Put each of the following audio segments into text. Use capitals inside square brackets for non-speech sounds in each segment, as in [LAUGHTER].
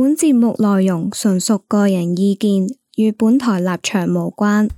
本節目內容純屬個人意見，與本台立場無關。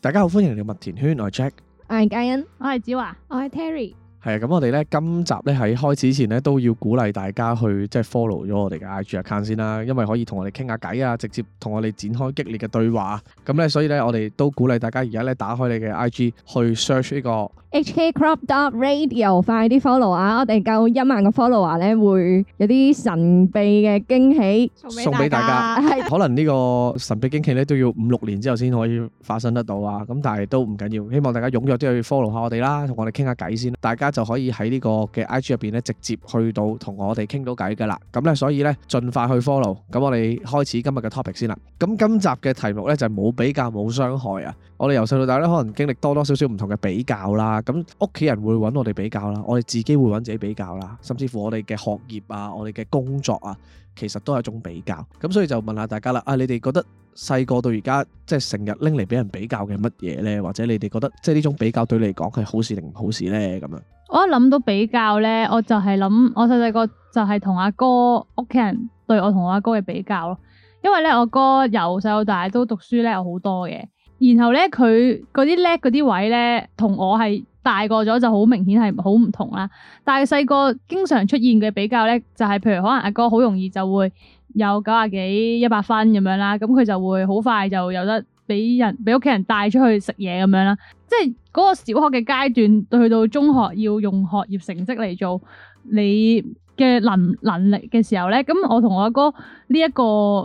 大家好，歡迎嚟到麥田圈，我係 Jack。我係嘉欣，我係子華，我係 Terry。係啊，咁我哋咧今集咧喺，開始之前咧都要鼓勵大家去即係 follow 咗我哋嘅 IG account 先啦，因為可以同我哋傾下偈啊，直接同我哋展開激烈嘅對話。咁咧，所以咧我哋都鼓勵大家而家咧打開你嘅 IG 去 search 呢個 HK Crop Radio，快啲 follow 啊！我哋夠一萬個 f o l l o w 啊，r，er、咧會有啲神秘嘅驚喜送俾大家。大家是 可能呢個神秘驚喜咧都要五六年之後先可以發生得到啊。咁但係都唔緊要，要，希望大家踊躍都要 follow 下我哋啦，同我哋傾下偈先。大家。就可以喺呢個嘅 IG 入邊咧，直接去到同我哋傾到偈㗎啦。咁咧，所以咧，盡快去 follow。咁我哋開始今日嘅 topic 先啦。咁今集嘅題目咧就係冇比較冇傷害啊。我哋由細到大咧，可能經歷多多少少唔同嘅比較啦。咁屋企人會揾我哋比較啦，我哋自己會揾自己比較啦，甚至乎我哋嘅學業啊，我哋嘅工作啊。其實都係一種比較，咁所以就問下大家啦，啊，你哋覺得細個到而家即係成日拎嚟俾人比較嘅乜嘢咧？或者你哋覺得即係呢種比較對你嚟講係好事定唔好事咧？咁樣，我一諗到比較咧，我就係諗我細細個就係同阿哥屋企人對我同我阿哥嘅比較咯，因為咧我哥由細到大都讀書咧有好多嘅，然後咧佢嗰啲叻嗰啲位咧同我係。大個咗就好明顯係好唔同啦，但係細個經常出現嘅比較咧，就係、是、譬如可能阿哥好容易就會有九十幾一百分咁樣啦，咁佢就會好快就有得俾人俾屋企人帶出去食嘢咁樣啦。即係嗰個小學嘅階段，到去到中學要用學業成績嚟做你嘅能能力嘅時候咧，咁我同我阿哥呢一個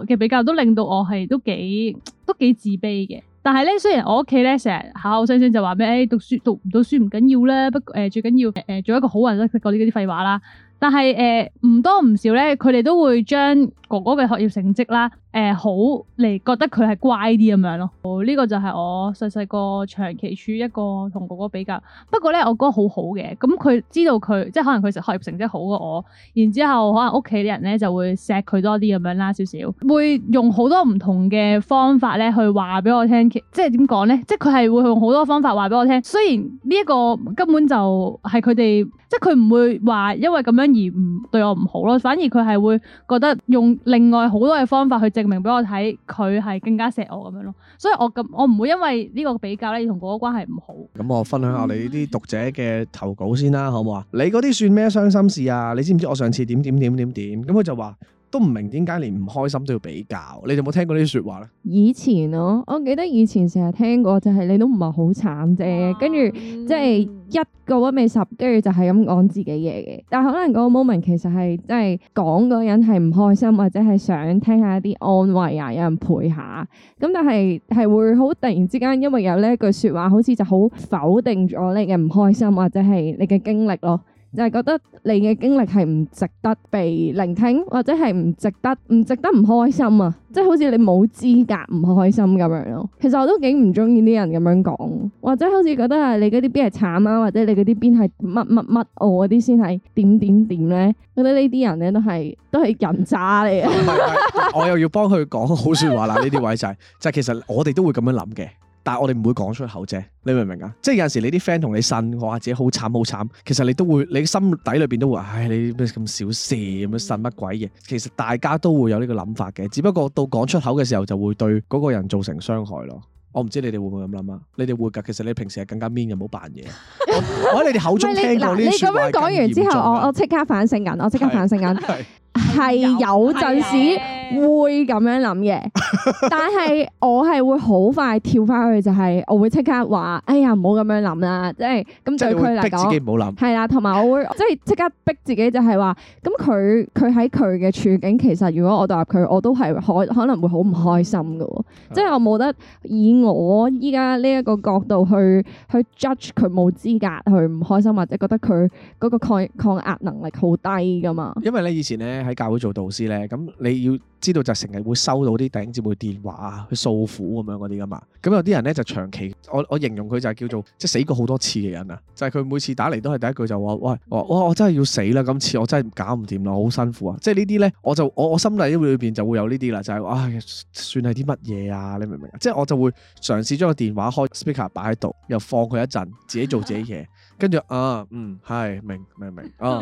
嘅比較都令到我係都幾都幾自卑嘅。但係咧，雖然我屋企咧成日口口聲聲就話咩，誒、欸，讀書讀唔到書唔緊要啦，不過、呃、最緊要誒誒、呃、做一個好人得過呢嗰啲廢話啦。但係誒唔多唔少咧，佢哋都會將哥哥嘅學業成績啦。誒、呃，好嚟覺得佢係乖啲咁樣咯。呢、這個就係我細細個長期處一個同哥哥比較，不過咧，我哥好好嘅。咁、嗯、佢知道佢即係可能佢食學業成績好過我，然之後可能屋企啲人咧就會錫佢多啲咁樣啦，少少會用好多唔同嘅方法咧去話俾我聽，即係點講咧？即係佢係會用好多方法話俾我聽。雖然呢一個根本就係佢哋，即係佢唔會話因為咁樣而唔對我唔好咯。反而佢係會覺得用另外好多嘅方法去。證明俾我睇，佢係更加錫我咁樣咯，所以我咁我唔會因為呢個比較咧，而同哥哥關係唔好。咁我分享下你啲讀者嘅投稿先啦，好唔好啊？你嗰啲算咩傷心事啊？你知唔知我上次點點點點點？咁佢就話。都唔明點解連唔開心都要比較，你有冇聽過呢啲説話咧？以前咯、啊，我記得以前成日聽過，就係、係、你都唔係好慘啫，跟住即係一個屈尾十，跟住就係咁講自己嘢嘅。但可能嗰個 moment 其實係即係講嗰個人係唔開心，或者係想聽下一啲安慰啊，有人陪下。咁但係係會好突然之間，因為有呢一句説話，好似就好否定咗你嘅唔開心，或者係你嘅經歷咯。就係覺得你嘅經歷係唔值得被聆聽，或者係唔值得唔值得唔開心啊，即係好似你冇資格唔開心咁樣咯。其實我都幾唔中意啲人咁樣講，或者好似覺得係你嗰啲邊係慘啊，或者你嗰啲邊係乜乜乜，我嗰啲先係點點點咧。覺得呢啲人咧都係都係人渣嚟。 [LAUGHS] [LAUGHS] 我又要幫佢講好說話啦，呢啲位就係就係其實我哋都會咁樣諗嘅。但係我哋唔會講出口啫，你明唔明啊？即係有陣時你啲 friend 同你呻，話自己好慘好慘，其實你都會，你心底裏邊都會，唉，你咩咁小事，咁樣呻乜鬼嘢？其實大家都會有呢個諗法嘅，只不過到講出口嘅時候就會對嗰個人造成傷害咯。我唔知你哋會唔會咁諗啊？你哋會噶，其實你平時係更加 mean 嘅，唔好扮嘢。我喺你哋口中聽過呢啲說話，咁嚴重 [LAUGHS] 你咁樣講完之後，我我即刻反省緊，我即刻反省緊。 [LAUGHS] [LAUGHS] [LAUGHS] 係有陣的時會咁樣諗嘅， [LAUGHS] 但係我係會好快跳翻去，就係、是、我會即刻話：，哎呀，唔好咁樣諗啦！就是、即係咁對佢嚟講，係啦，同埋我會即係即刻逼自己，就係、是、話：，咁佢佢喺佢嘅處境，其實如果我代入佢，我都係可可能會好唔開心噶，即係、嗯、我冇得以我依家呢一個角度去去 judge 佢冇資格去唔開心，或者覺得佢嗰個抗抗壓能力好低噶嘛？因為咧，以前咧。喺教會做導師咧，咁你要知道就成日會收到啲頂住部電話啊，去訴苦咁樣嗰啲㗎嘛。咁有啲人咧就長期，我我形容佢就叫做即係死過好多次嘅人啊。就係、是、佢每次打嚟都係第一句就話：喂，我我我真係要死啦！今次我真係搞唔掂啦，好辛苦啊。即係呢啲咧，我就我我心底裏邊就會有呢啲啦，就係、是、唉、哎，算係啲乜嘢啊？你明唔明啊？即係我就會嘗試將個電話開 speaker 擺喺度，又放佢一陣，自己做自己嘢。跟住啊，嗯，係，明，明明，啊，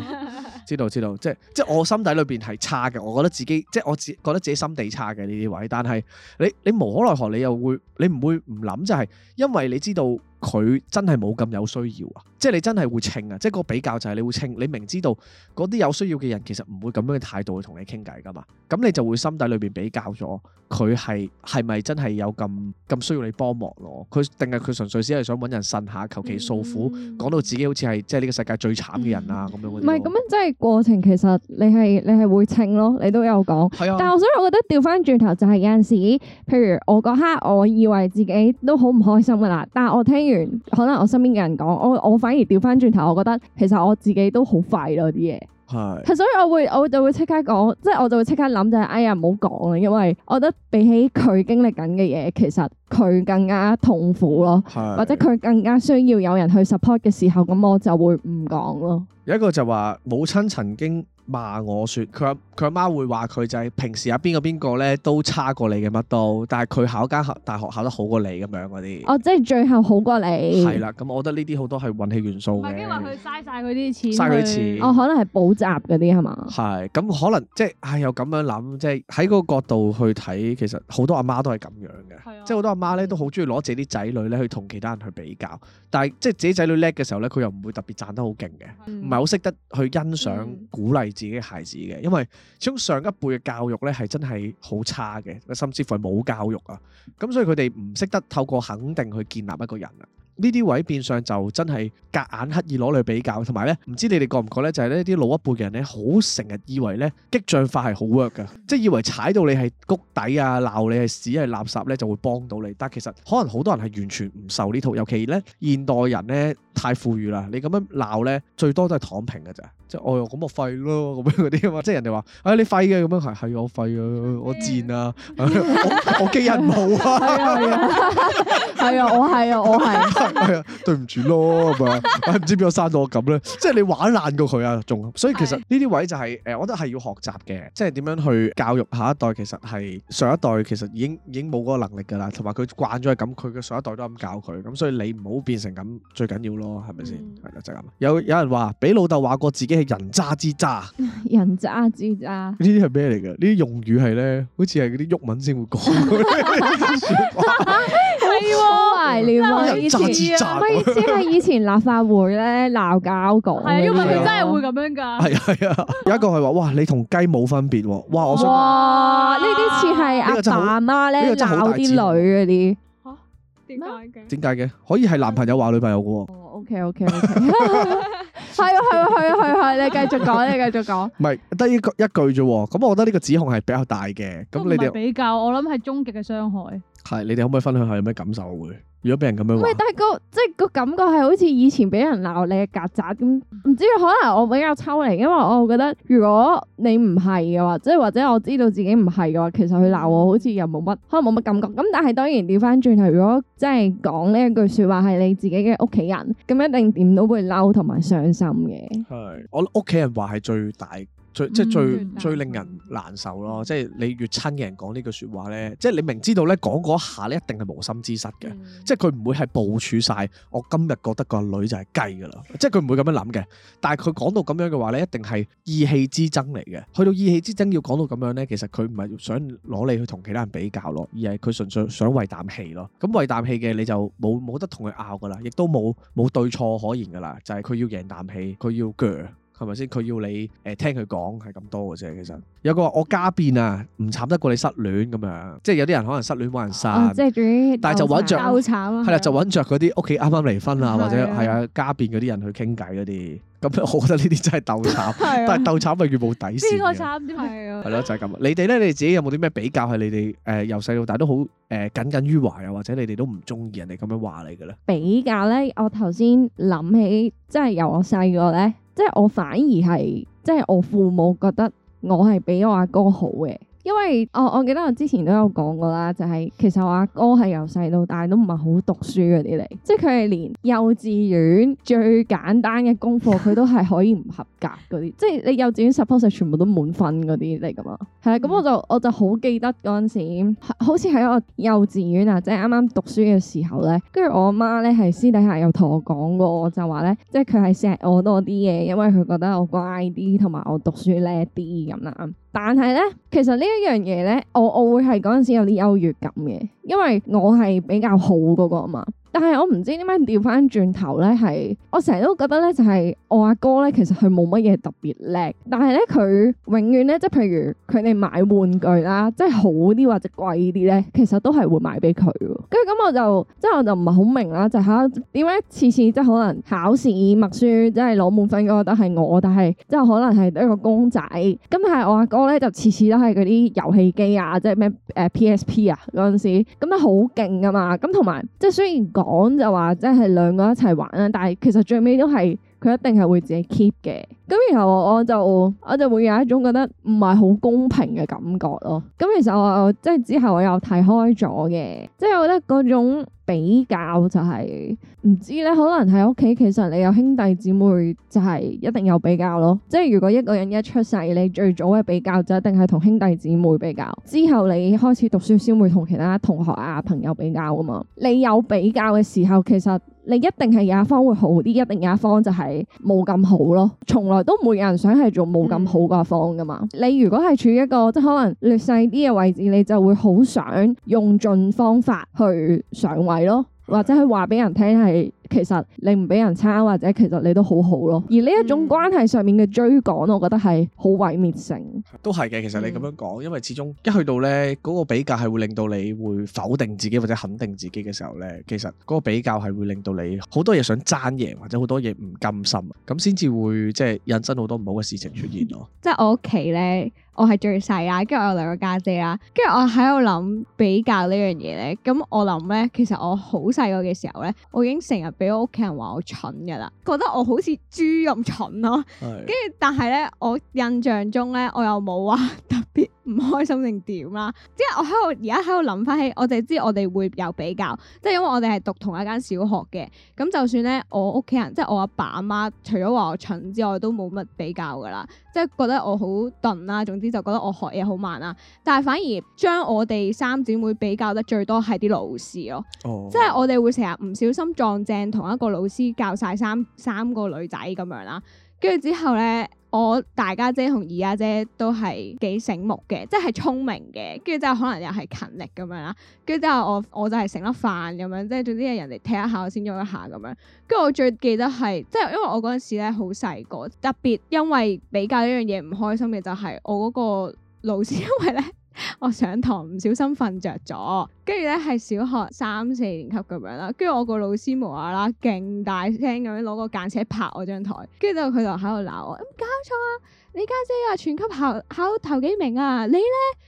知道知道，即係即係我心底裏面係差嘅，我覺得自己即係我自我覺得自己心底差嘅呢啲位，但係你你無可奈何，你又會你唔會唔諗，就係因為你知道佢真係冇咁有需要啊。即係你真係會稱啊！即係個比較就係你會稱，你明知道嗰啲有需要嘅人其實唔會咁樣嘅態度去同你傾偈噶嘛，咁你就會心底裏邊比較咗佢係係咪真係有咁咁需要你幫忙咯？佢定係佢純粹只係想搵人呻下求其訴苦，講到自己好似係即係呢個世界最慘嘅人啊咁、嗯、樣。唔係咁樣，即係過程其實你係你係會稱咯，你都有講。啊、但係所以我覺得調翻轉頭就係有陣時，譬如我嗰刻我以為自己都好唔開心噶啦，但我聽完可能我身邊嘅人講，我我。反而調翻轉頭，我覺得其實我自己都好快咯啲嘢，係是，係所以我會，我就會即刻講，即係我就會即刻諗就係，哎呀唔好講啦，因為我覺得比起佢經歷緊嘅嘢，其實佢更加痛苦咯，是或者佢更加需要有人去 support 嘅時候，咁我就會唔講咯。有一個就話母親曾經。罵我説，佢佢阿媽會話佢就係平時阿邊個邊個咧，都差過你嘅，乜都，但係佢考間大學考得好過你咁樣嗰啲。哦，即係最後好過你。係啦，咁我覺得呢啲好多係運氣元素嘅。唔係話佢嘥晒佢啲錢。嘥佢錢。哦，可能係補習嗰啲係嘛？係，咁可能即係唉，又咁樣諗，即係喺嗰個角度去睇，其實好多阿媽都係咁樣嘅。啊、即係好多阿媽咧，都好中意攞自己啲仔女咧去同其他人去比較，但係即係自己仔女叻嘅時候咧，佢又唔會特別讚得好勁嘅，唔係好識得去欣賞、嗯、鼓勵。自己嘅孩子嘅，因為始終上一輩嘅教育咧係真係好差嘅，甚至乎係冇教育啊。咁所以佢哋唔識得透過肯定去建立一個人啊。呢啲位變相就真係夾硬刻意攞嚟去比較，同埋咧唔知你哋覺唔覺咧，就係呢啲老一輩嘅人咧，好成日以為咧激將法係好 work 噶，即係以為踩到你係谷底啊，鬧你係屎係垃圾咧就會幫到你。但係其實可能好多人係完全唔受呢套，尤其咧現代人咧太富裕啦，你咁樣鬧咧最多都係躺平㗎咋。即係、哎、我又咁咪廢咯，咁樣嗰啲啊嘛，即係人哋話：，哎，你廢嘅，咁樣係係我廢啊，我賤啊， [LAUGHS] [LAUGHS] 我我基因無啊， [LAUGHS] 係啊我係啊我係啊，啊、 [LAUGHS] 哎、對唔住咯咁啊，唔、 [LAUGHS] 哎、知邊個生到我咁咧？即係你玩爛過佢啊，仲所以其實呢啲位就係、是、誒、呃，我覺得係要學習嘅，即係點樣去教育下一代。其實係上一代其實已經已經冇嗰個能力㗎啦，同埋佢慣咗係咁，佢嘅上一代都係咁教佢，咁所以你唔好變成咁最緊要咯，係咪先？係啦、嗯、就係、是、咁。有有人話俾老豆話過自己。係人渣之渣，人渣之渣，呢啲係咩嚟嘅？呢啲用語係咧，好似係嗰啲喐文先會講，係喎。了解、啊、以前，我意思，係以前立法會咧鬧交個，係啊， [LAUGHS] 因為佢真係會咁樣噶。係啊係啊，啊啊有一個係話：，哇，你同雞冇分別。哇，我哇，哇，爸爸媽媽呢啲似係阿爸阿媽咧鬧啲女嗰啲。點解嘅？點解嘅？可以係男朋友話女朋友噶？哦，OK，OK，係啊，係啊，係啊，係喎，你繼續講，你繼續講，唔係得一句啫。咁我覺得呢個指控係比較大嘅。咁你哋比較，我諗係終極嘅傷害。係，你哋可唔可以分享下有咩感受會？如果俾人咁樣，喂，但係個即係個感覺係好似以前俾人鬧你嘅曱甴咁，唔知可能我比較抽離，因為我覺得如果你唔係嘅話，即係或者我知道自己唔係嘅話，其實佢鬧我好似又冇乜，可能冇乜感覺。咁但係當然調翻轉頭，如果即係講呢一句說話係你自己嘅屋企人，咁一定點都會嬲同埋傷心嘅。係我屋企人話係最大。最即係最最令人難受咯，即係你越親嘅人講呢句説話咧，即係你明知道咧講嗰下咧一定係無心之失嘅，嗯、即係佢唔會係部署晒我今日覺得個女就係雞噶啦，即係佢唔會咁樣諗嘅。但係佢講到咁樣嘅話咧，一定係意氣之爭嚟嘅。去到意氣之爭要講到咁樣咧，其實佢唔係想攞你去同其他人比較咯，而係佢純粹想為啖氣咯。咁為啖氣嘅你就冇冇得同佢拗噶啦，亦都冇冇對錯可言噶啦，就係、是、佢要贏啖氣，佢要鋸。係咪先？佢要你誒、呃，聽佢講係咁多嘅啫。其實有個話我家變啊，唔慘得過你失戀咁樣。即係有啲人可能失戀冇人散，哦，即係但係就揾著鬥慘係啦，就揾着嗰啲屋企啱啱離婚啊，或者係啊家變嗰啲人去傾偈嗰啲。咁我覺得呢啲真係鬥慘，但係鬥慘咪越冇底線邊個慘啲係啊？係咯，就係咁。你哋咧，你自己有冇啲咩比較係你哋誒由細到大都好誒耿耿於懷，又或者你哋都唔中意人哋咁樣話你嘅咧？比較咧，我頭先諗起，即係由我細個咧。即係我反而係，即係我父母覺得我係比我阿哥好嘅。因為我我記得我之前都有講過啦，就係、是、其實我阿哥係由細到大都唔係好讀書嗰啲嚟，即係佢係連幼稚園最簡單嘅功課佢都係可以唔合格嗰啲。 [LAUGHS] 即係你幼稚園 suppose 全部都滿分嗰啲嚟㗎嘛。係啊，咁、嗯嗯、我就我就好記得嗰陣時，好似喺我幼稚園啊，即係啱啱讀書嘅時候咧，跟住我阿媽咧係私底下又同我講過，我就話咧，即係佢係錫我多啲嘅，因為佢覺得我乖啲，同埋我讀書叻啲咁啦。但係咧，其實呢呢樣嘢咧，我我會係嗰陣時有啲優越感嘅，因為我係比較好嗰個啊嘛。但係我唔知點解調翻轉頭咧，係我成日都覺得咧，就係、是、我阿哥咧，其實佢冇乜嘢特別叻。但係咧，佢永遠咧，即係譬如佢哋買玩具啦，即係好啲或者貴啲咧，其實都係會買俾佢。跟住咁我就即係我就唔係好明啦，就嚇點解次次即係可能考試默書即係攞滿分嗰個都係我，但係即係可能係一個公仔。咁但係我阿哥咧就次次都係嗰啲遊戲機啊，即係咩誒、呃、PSP 啊嗰陣時，咁都好勁㗎嘛。咁同埋即係雖然講。講就話即係兩個一齊玩啦，但係其實最尾都係佢一定係會自己 keep 嘅，咁然後我就我就會有一種覺得唔係好公平嘅感覺咯。咁其實我，我即係之後我又睇開咗嘅，即係我覺得嗰種。比較就係、是、唔知咧，可能喺屋企其實你有兄弟姊妹就係一定有比較咯。即係如果一個人一出世，你最早嘅比較就一定係同兄弟姊妹比較，之後你開始讀書先會同其他同學啊朋友比較啊嘛。你有比較嘅時候，其實你一定係有一方會好啲，一定有一方就係冇咁好咯。從來都冇人想係做冇咁好嘅一方噶嘛。嗯、你如果係處於一個即係可能劣勢啲嘅位置，你就會好想用盡方法去上位。係咯，或者去話俾人聽係其實你唔比人差，或者其實你都好好咯。而呢一種關係上面嘅追趕，我覺得係好毀滅性。都係嘅，其實你咁樣講，因為始終一去到呢嗰、嗰個比較，係會令到你會否定自己或者肯定自己嘅時候呢，其實嗰個比較係會令到你好多嘢想爭贏，或者好多嘢唔甘心，咁先至會即係引申好多唔好嘅事情出現咯、嗯。即係我屋企呢。 [LAUGHS] 我係最細啦，跟住我有兩個家姐啦，跟住我喺度諗比較呢樣嘢咧，咁我諗咧，其實我好細個嘅時候咧，我已經成日俾我屋企人話我蠢㗎啦，覺得我好似豬咁蠢咯，跟住但係咧，我印象中咧，我又冇話、啊、特別。唔開心定點啦？即係我喺度，而家喺度諗翻起，我就知我哋會有比較，即係因為我哋係讀同一間小學嘅。咁就算咧，我屋企人即係我阿爸阿媽，除咗話我蠢之外，都冇乜比較噶啦。即係覺得我好鈍啦，總之就覺得我學嘢好慢啦。但係反而將我哋三姊妹比較得最多係啲老師咯。哦，即係我哋會成日唔小心撞正同一個老師教晒三三個女仔咁樣啦，跟住之後咧。我大家姐同二家姐都係幾醒目嘅，即係聰明嘅，跟住之後可能又係勤力咁樣啦，跟住之後我我就係食粒飯咁樣，即係總之係人哋踢一下我先喐一下咁樣。跟住我最記得係，即係因為我嗰陣時咧好細個，特別因為比較一樣嘢唔開心嘅就係我嗰個老師，因為咧。我上堂唔小心瞓着咗，跟住咧係小學三四年級咁樣啦，跟住我個老師無啦啦，勁大聲咁樣攞個間尺拍我張台，跟住之後佢就喺度鬧我，咁、嗯、搞錯啊！你家姐姐啊，全級考考頭幾名啊，你咧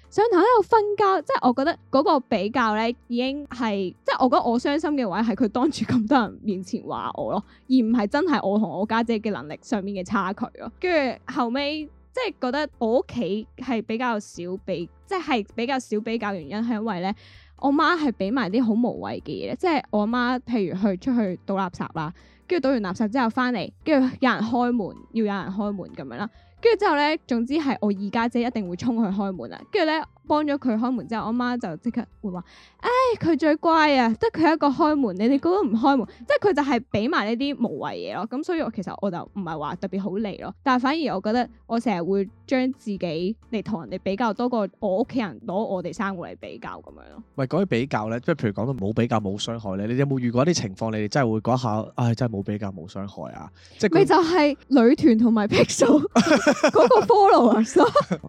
上堂喺度瞓覺，即係我覺得嗰個比較咧已經係，即係我覺得我傷心嘅位係佢當住咁多人面前話我咯，而唔係真係我同我家姐嘅能力上面嘅差距咯，跟住後尾……即係覺得我屋企係比較少比，即係比較少比較原因係因為咧，我媽係俾埋啲好無謂嘅嘢，即係我媽譬如去出去倒垃圾啦，跟住倒完垃圾之後翻嚟，跟住有人開門要有人開門咁樣啦。跟住之後咧，總之係我二家姐一定會衝去開門啦。跟住咧，幫咗佢開門之後，我媽就即刻會話：唉，佢最乖啊，得佢一個開門，你哋估個唔開門，即係佢就係俾埋呢啲無謂嘢咯。咁所以，我其實我就唔係話特別好嚟咯。但係反而我覺得，我成日會將自己嚟同人哋比較多過我屋企人攞我哋三個嚟比較咁樣咯。喂，講起比較咧，即係譬如講到冇比較冇傷害咧，你哋有冇遇過一啲情況？你哋真係會嗰下，唉、哎，真係冇比較冇傷害啊！即係就係女團同埋 Pixel。 [LAUGHS] 嗰個 follow 啊，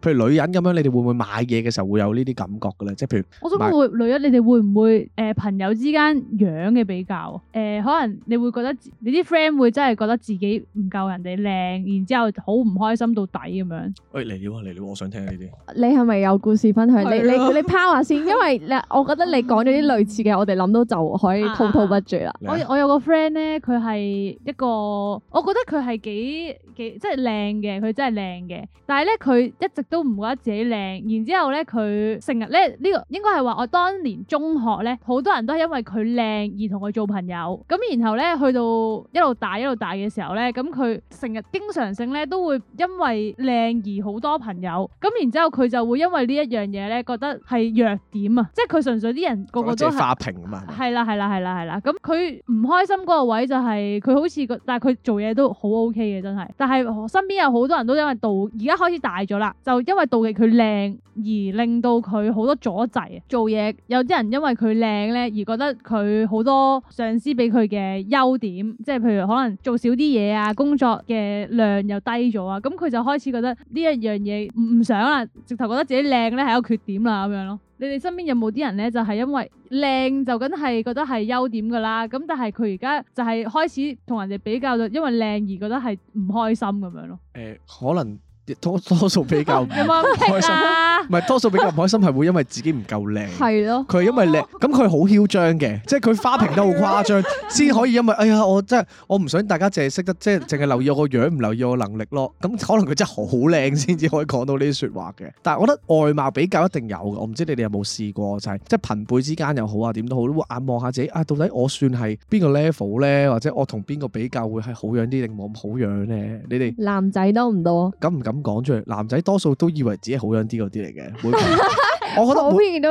譬如女人咁樣，你哋會唔會買嘢嘅時候會有呢啲感覺嘅咧？即係譬如，我想問會女人，你哋會唔會誒朋友之間樣嘅比較？誒，可能你會覺得你啲 friend 會真係覺得自己唔夠人哋靚，然之後好唔開心到底咁樣。喂，嚟了喎，嚟了喎，我想聽呢啲。你係咪有故事分享？你你你拋下先，因為咧，我覺得你講咗啲類似嘅，我哋諗到就可以滔滔不絕啦。我我有個 friend 咧，佢係一個，我覺得佢係幾幾即係靚嘅，佢真係。靚嘅，但係咧佢一直都唔覺得自己靚，然之後咧佢成日咧呢個應該係話我當年中學咧好多人都係因為佢靚而同佢做朋友，咁然後咧去到一路大一路大嘅時候咧，咁佢成日經常性咧都會因為靚而好多朋友，咁然之後佢就會因為呢一樣嘢，咧覺得係弱點啊，即係佢純粹啲人個個都花瓶啊嘛，係啦係啦係啦係啦，咁佢唔開心嗰個位就係佢好似，但係佢做嘢都好 OK 嘅真係，但係身邊有好多人都。因為妒，而家開始大咗啦，就因為妒忌佢靚而令到佢好多阻滯啊！做嘢有啲人因為佢靚咧，而覺得佢好多上司俾佢嘅優點，即係譬如可能做少啲嘢啊，工作嘅量又低咗啊，咁佢就開始覺得呢一樣嘢唔唔想啦，直頭覺得自己靚咧係一個缺點啦，咁樣咯。你哋身邊有冇啲人呢，就係、是、因為靚就梗係覺得係優點㗎啦，咁但係佢而家就係開始同人哋比較咗，因為靚而覺得係唔開心咁樣咯。誒，可能。多多數比較唔開心，唔係多數比較唔開心係會因為自己唔夠靚，係咯？佢係因為靚，咁佢好囂張嘅，即係佢花瓶都好誇張，先可以因為哎呀，我真係我唔想大家淨係識得，即係淨係留意我個樣，唔留意我能力咯。咁可能佢真係好靚先至可以講到呢啲説話嘅。但係我覺得外貌比較一定有嘅，我唔知你哋有冇試過，就係即係朋輩之間又好啊，點都好，會眼望下自己啊，到底我算係邊個 level 咧，或者我同邊個比較會係好樣啲定冇咁好樣咧？你哋男仔多唔多？敢唔敢？講出嚟，男仔多數都以為自己好樣啲嗰啲嚟嘅。會 [LAUGHS] 我覺得每，我覺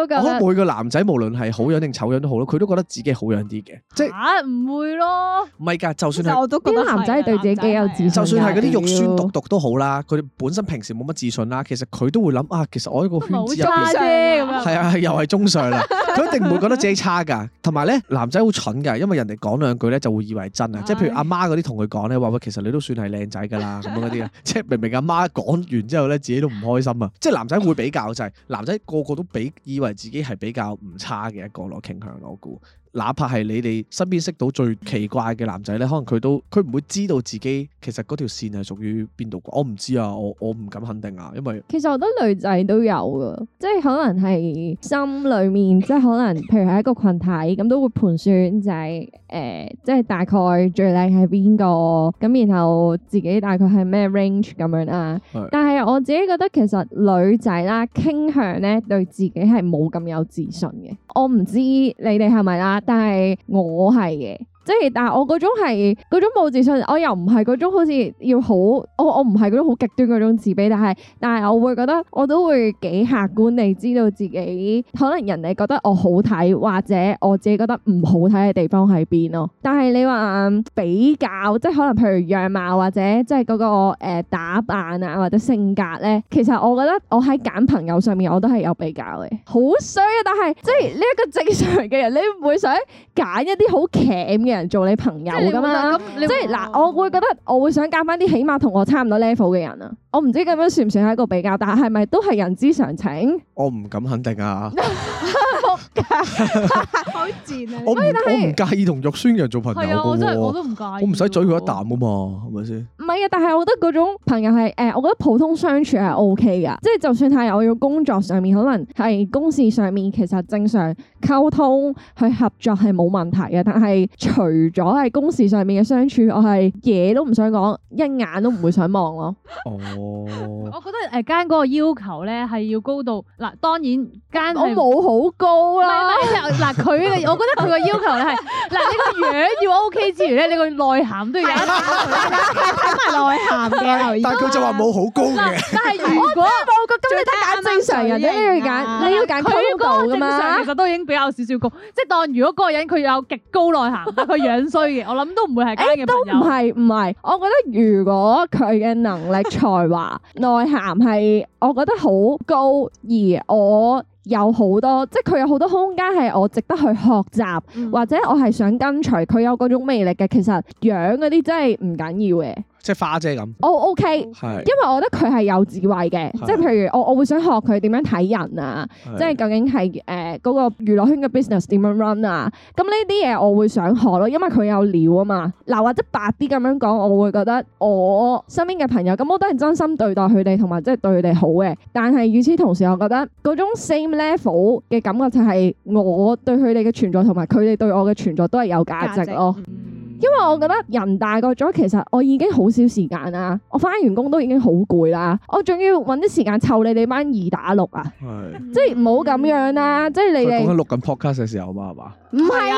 得每個男仔無論係好樣定醜樣都好咯，佢都覺得自己好樣啲嘅。即係唔、啊、會咯。唔係㗎，就算係我都覺得男仔係對自己幾有自信，就算係嗰啲肉酸毒毒都好啦，佢哋本身平時冇乜自信啦，其實佢都會諗啊，其實我呢個圈子係啊，又係中上啦。佢 [LAUGHS] 一定唔會覺得自己差㗎。同埋咧，男仔好蠢㗎，因為人哋講兩句咧就會以為真啊。即係譬如阿媽嗰啲同佢講咧話喂，其實你都算係靚仔㗎啦咁嗰啲啊。即係明明阿媽講完之後咧，自己都唔開心啊。即係男仔會比較就係男仔個個。我都比以為自己係比較唔差嘅一個咯，傾向我估，哪怕係你哋身邊識到最奇怪嘅男仔呢，可能佢都佢唔會知道自己其實嗰條線係屬於邊度。我、哦、唔知啊，我我唔敢肯定啊，因為其實我覺得女仔都有噶，即係可能係心裏面， [LAUGHS] 即係可能譬如喺一個群體咁都會盤算就係、是。誒、呃，即係大概最靚係邊個咁，然後自己大概係咩 range 咁樣啊？是的 但係我自己覺得其實女仔啦，傾向咧對自己係冇咁有自信嘅。我唔知你哋係咪啦，但係我係嘅。即係但係我嗰種係嗰種冇自信，我又唔係嗰種好似要好，我我唔係嗰種好極端嗰種自卑，但係但係我會覺得我都會幾客觀地知道自己可能人哋覺得我好睇，或者我自己覺得唔好睇嘅地方喺邊咯。但係你話比較即係可能譬如樣貌或者即係、嗰個個誒、呃、打扮啊，或者性格咧，其實我覺得我喺揀朋友上面我都係有比較嘅，好衰啊！但係即係呢一個正常嘅人，你唔會想揀一啲好働。人做你朋友噶嘛，即係嗱，我會覺得我會想夾翻啲起碼同我差唔多 level 嘅人啊，我唔知咁樣算唔算係一個比較，但係係咪都係人之常情？我唔敢肯定啊。 [LAUGHS] 好賤啊！是我唔介意同肉酸人做朋友、啊、我真係，我都唔介意。我唔使嘴佢一啖啊嘛，係咪先？唔係啊，但係我覺得嗰種朋友係誒，我覺得普通相處係 O K 噶，即係就算係我要工作上面，可能係公事上面，其實正常溝通去合作係冇問題嘅。但係除咗係公事上面嘅相處，我係嘢都唔想講，一眼都唔會想望咯。哦， [LAUGHS] 我覺得誒，奸、呃、嗰、嗰個要求咧係要高度。嗱，當然奸、嗰個、我冇好高。唔啦，嗱佢、啊，我覺得佢個要求咧係，嗱、啊、你個樣要 OK 之餘咧，你個內涵都要有，睇埋內涵嘅。但係佢就話冇好高嘅。但係如果冇咁，咁你睇揀正常人咧要揀，啊、你要揀高度咁嘛。正常其實都已經比較少少高，即係當如果嗰個人佢有極高內涵，但佢樣衰嘅，我諗都唔會係 friend 嘅，都唔係唔係。我覺得如果佢嘅能力才華、內涵係我覺得好高，而我。有好多，即係佢有好多空間係我值得去學習，嗯、或者我係想跟隨佢有嗰種魅力嘅。其實樣嗰啲真係唔緊要嘅。即係花姐咁我 OK，因為我覺得佢係有智慧嘅，是即係譬如我我會想學佢點樣睇人啊，是即係究竟係誒嗰個娛樂圈嘅 business 點樣 run 啊，咁呢啲嘢我會想學咯，因為佢有料啊嘛。嗱，或者白啲咁樣講，我會覺得我身邊嘅朋友，咁我都係真心對待佢哋，同埋即係對佢哋好嘅。但係與此同時，我覺得嗰種 same level 嘅感覺就係我對佢哋嘅存在同埋佢哋對我嘅存在都係有價值咯。因為我覺得人大個咗，其實我已經好少時間啦。我返完工都已經好攰啦，我仲要揾啲時間湊你哋班二打六啊！係，即係唔好咁樣啦，即係 [LAUGHS] 你哋錄緊 podcast 嘅時候嘛，係嘛在？唔係啊，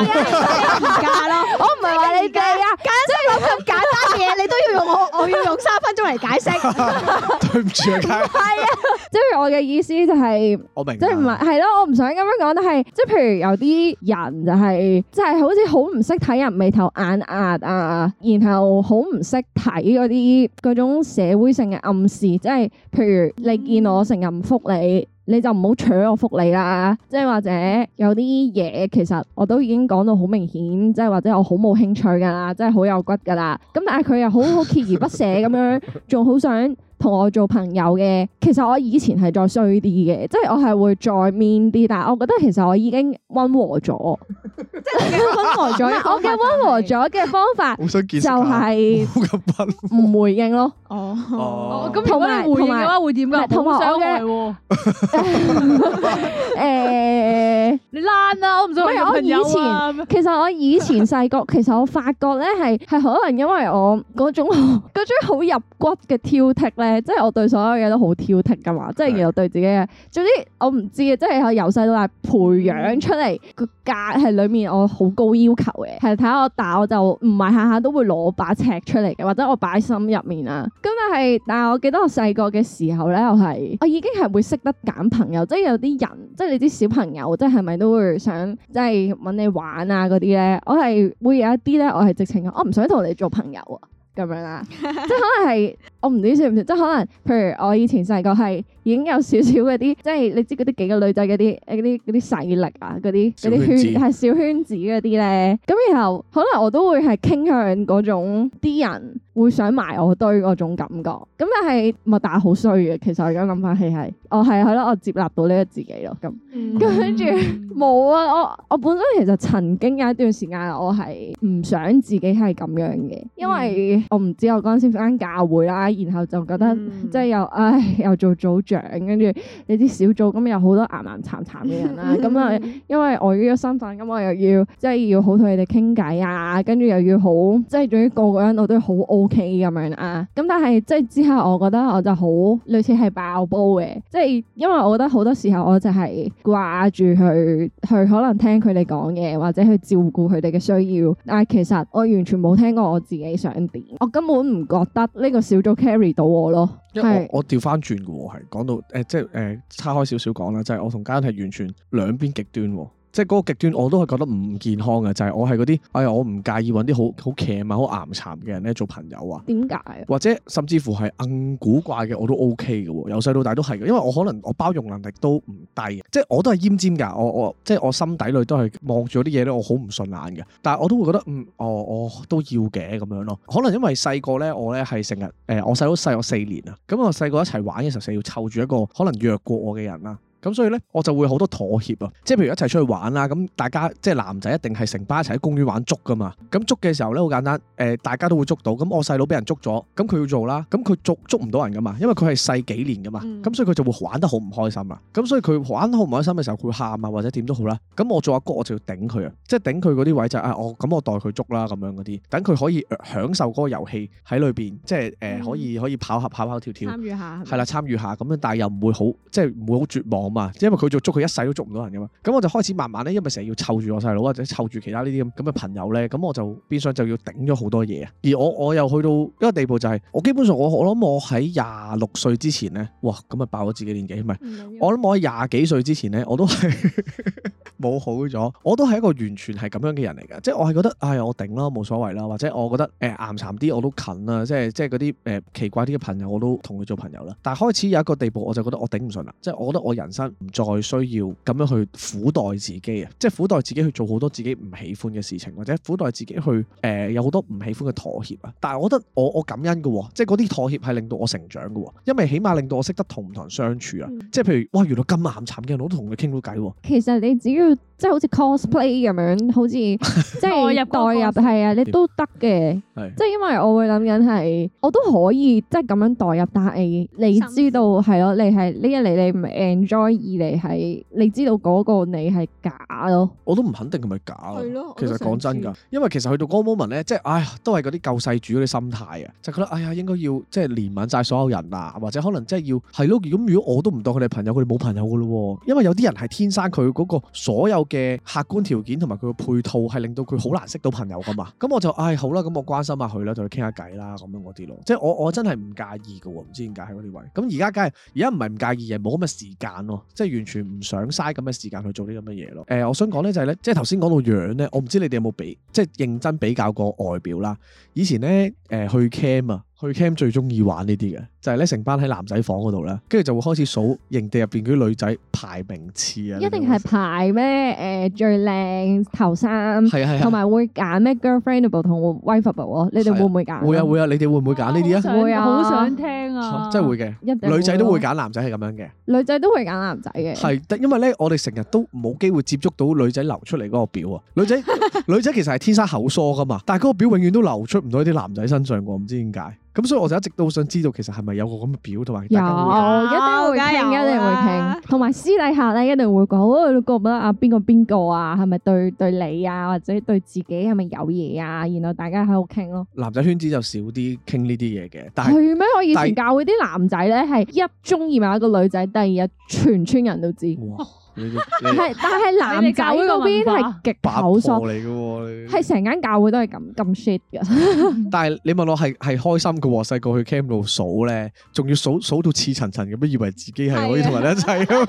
我唔係話你計啊。咁簡單嘅嘢， [LAUGHS] 你都要用我， [LAUGHS] 我要用三分鐘嚟解釋。 [LAUGHS] 對唔住，係啊，即係我嘅意思就係，我明，即係唔係，係咯，我唔想咁樣講，但係即係譬如有啲人就係，即係好似好唔識睇人眉頭眼壓啊，然後好唔識睇嗰啲嗰種社會性嘅暗示，即係譬如你見我成日唔復你。你就唔好搶我福利啦，即係或者有啲嘢其實我都已經講到好明顯，即係或者我好冇興趣㗎啦，即係好有骨㗎啦。咁但係佢又好好鍥而不捨咁樣，仲好 [LAUGHS] 想。同我做朋友嘅，其實我以前係再衰啲嘅，即係我係會再 mean 啲，但係我覺得其實我已經溫和咗， [LAUGHS] 即係溫和咗。我嘅溫和咗嘅方法就係唔回應咯。 [LAUGHS] 哦，咁同你回應嘅話會點㗎？同我嘅誒， [LAUGHS] 呃、你爛啦！我唔想做朋友啊！其實我以前細個，其實我發覺咧係係可能因為我嗰種好入骨嘅挑剔咧。 [MUSIC] 即係我對所有嘢都好挑剔噶嘛，即係然後對自己嘅，總之我唔知嘅，即係由細到大培養出嚟、嗯、個價係裏面我好高要求嘅，係睇下我，大，我就唔係下下都會攞把尺出嚟嘅，或者我擺心入面啦。咁但係，但係我記得我細個嘅時候咧，我係我已經係會識得揀朋友，即係有啲人，即係你啲小朋友，即係咪都會想即係揾你玩啊嗰啲咧，我係會有一啲咧，我係直情我唔想同你做朋友啊咁樣啦，即係可能係。 [LAUGHS] 我唔知算唔算，即係可能，譬如我以前細個係已經有少少嗰啲，即係你知嗰啲幾個女仔嗰啲，嗰啲啲勢力啊，嗰啲啲圈係小圈子嗰啲咧。咁然後可能我都會係傾向嗰種啲人會想埋我堆嗰種感覺。咁但係咪但係好衰嘅？其實我而家諗翻起係，哦係係咯，我接納到呢個自己咯。咁跟住冇啊，我我本身其實曾經有一段時間我係唔想自己係咁樣嘅，因為我唔知我嗰陣時返教會啦。然後就覺得、嗯、即係又唉，又做組長，跟住你啲小組咁又好多岩岩巉巉嘅人啦。咁啊，因為我呢個身份，咁我又要即係要好同佢哋傾偈啊，跟住又要好，即係總之個個人我都要好 OK 咁樣啊。咁但係即係之後，我覺得我就好類似係爆煲嘅，即係因為我覺得好多時候我就係掛住去去可能聽佢哋講嘢，或者去照顧佢哋嘅需要。但係其實我完全冇聽過我自己想點，我根本唔覺得呢個小組。carry 到我咯，因為我調翻轉嘅係講到誒、呃，即係誒，岔、呃、開少少講啦，就係我同家庭係完全兩邊極端。即係嗰個極端，我都係覺得唔健康嘅，就係、是、我係嗰啲，哎呀，我唔介意揾啲好好騎呢、好癌殘嘅人咧做朋友啊。點解？或者甚至乎係硬古怪嘅我都 OK 嘅喎，由細到大都係嘅，因為我可能我包容能力都唔低，即係我都係奄尖㗎，我我即係我心底裏都係望住嗰啲嘢咧，我好唔順眼嘅，但係我都會覺得嗯，哦，我都要嘅咁樣咯。可能因為細個咧，我咧係成日誒，我細佬細我四年啊，咁我細個一齊玩嘅時候，成日要湊住一個可能弱過我嘅人啦。咁所以咧，我就會好多妥協啊，即係譬如一齊出去玩啦，咁大家即係男仔一定係成班一齊喺公園玩捉㗎嘛。咁捉嘅時候咧，好簡單，誒、呃，大家都會捉到。咁我細佬俾人捉咗，咁佢要做啦。咁佢捉捉唔到人㗎嘛，因為佢係細幾年㗎嘛。咁、嗯、所以佢就會玩得好唔開心啦。咁所以佢玩得好唔開心嘅時候，佢會喊啊，或者點都好啦。咁我做阿哥，哥，我就要頂佢、就係、啊，即係頂佢嗰啲位就係我咁，我代佢捉啦咁樣嗰啲，等佢可以享受嗰個遊戲喺裏邊，即係誒、呃嗯、可以可以跑下跑跑跳跳，參與下係啦，參與下咁樣，但係又唔會好即係唔會好絕望。因為佢就捉佢一世都捉唔到人噶嘛，咁我就開始慢慢咧，因為成日要湊住我細佬或者湊住其他呢啲咁，咁嘅朋友咧，咁我就變相就要頂咗好多嘢啊。而我我又去到一個地步就係、是，我基本上我我諗我喺廿六歲之前咧，哇，咁啊爆我自己年紀唔係，我諗我喺廿幾歲之前咧，我都係冇 [LAUGHS] 好咗，我都係一個完全係咁樣嘅人嚟噶，即係我係覺得，唉、哎，我頂啦，冇所謂啦，或者我覺得誒岩殘啲我都近啦，即係即係嗰啲誒奇怪啲嘅朋友我都同佢做朋友啦。但係開始有一個地步我就覺得我頂唔順啦，即係我覺得我人生。唔再需要咁樣去苦待自己啊，即係苦待自己去做好多自己唔喜歡嘅事情，或者苦待自己去誒、呃、有好多唔喜歡嘅妥協啊。但係我覺得我我感恩嘅，即係嗰啲妥協係令到我成長嘅，因為起碼令到我識得同唔同人相處啊。嗯、即係譬如哇，原來咁難纏嘅人都同佢傾到偈。其實你只要即係、就是、好似 cosplay 咁樣，好似即係代入代入係啊，你都得嘅。即係樣因為我會諗緊係，我都可以即係咁樣代入，但係你知道係咯次，你係呢一嚟，你唔 enjoy。二嚟係你知道嗰個你係假咯，我都唔肯定係咪假咯。其實講真㗎，嗯、因為其實去到嗰個 moment 咧，即係唉，都係嗰啲救世主嗰啲心態啊，就覺得哎呀，應該要即係憐憫晒所有人啊，或者可能即係要係咯。咁如果我都唔當佢哋朋友，佢哋冇朋友㗎咯。因為有啲人係天生佢嗰個所有嘅客觀條件同埋佢嘅配套係令到佢好難識到朋友㗎嘛。咁 [LAUGHS] 我就唉好啦，咁我關心下佢啦，同佢傾下偈啦，咁樣嗰啲咯。即係我我真係唔介意㗎喎，唔知點解喺嗰啲位。咁而家梗係而家唔係唔介意，係冇咁嘅時間咯。即係完全唔想嘥咁嘅時間去做啲咁嘅嘢咯。誒、呃，我想講咧就係、是、咧，即係頭先講到樣咧，我唔知你哋有冇比即係認真比較過外表啦。以前咧誒去 camp 啊，去 camp 最中意玩呢啲嘅。就係咧，成班喺男仔房嗰度咧，跟住就會開始數營地入邊嗰啲女仔排名次啊，一定係排咩？誒最靚頭三，係係係，同埋會揀咩 girlfriendable 同 wifeable 咯。你哋會唔會揀？會啊會啊！你哋會唔會揀呢啲啊？會啊！好想聽啊！真係會嘅，女仔都會揀男仔係咁樣嘅。女仔都會揀男仔嘅。係，但因為咧，我哋成日都冇機會接觸到女仔流出嚟嗰個表啊！女仔女仔其實係天生口疏㗎嘛，但係嗰個表永遠都流出唔到喺啲男仔身上喎，唔知點解。咁所以我就一直都好想知道，其實係咪？有個咁嘅表同埋，有、哦、一定會傾，啊、一定會傾，同埋私底下咧一定會講。好，你覺得啊，邊個邊個啊，係咪對對你啊，或者對自己係咪有嘢啊？然後大家喺度傾咯。男仔圈子就少啲傾呢啲嘢嘅，但係，係咩？我以前教嗰啲男仔咧，係一中意某一個女仔，第二日全村人都知。係， [LAUGHS] 但係男仔嗰邊係極保守，八婆嚟嘅，啊，係成間教會都係咁咁 shit 嘅。Sh [LAUGHS] [LAUGHS] 但係你問我係係開心嘅喎，細個去 camp 度數咧，仲要數數到似層層咁，以為自己係可以同人哋一齊。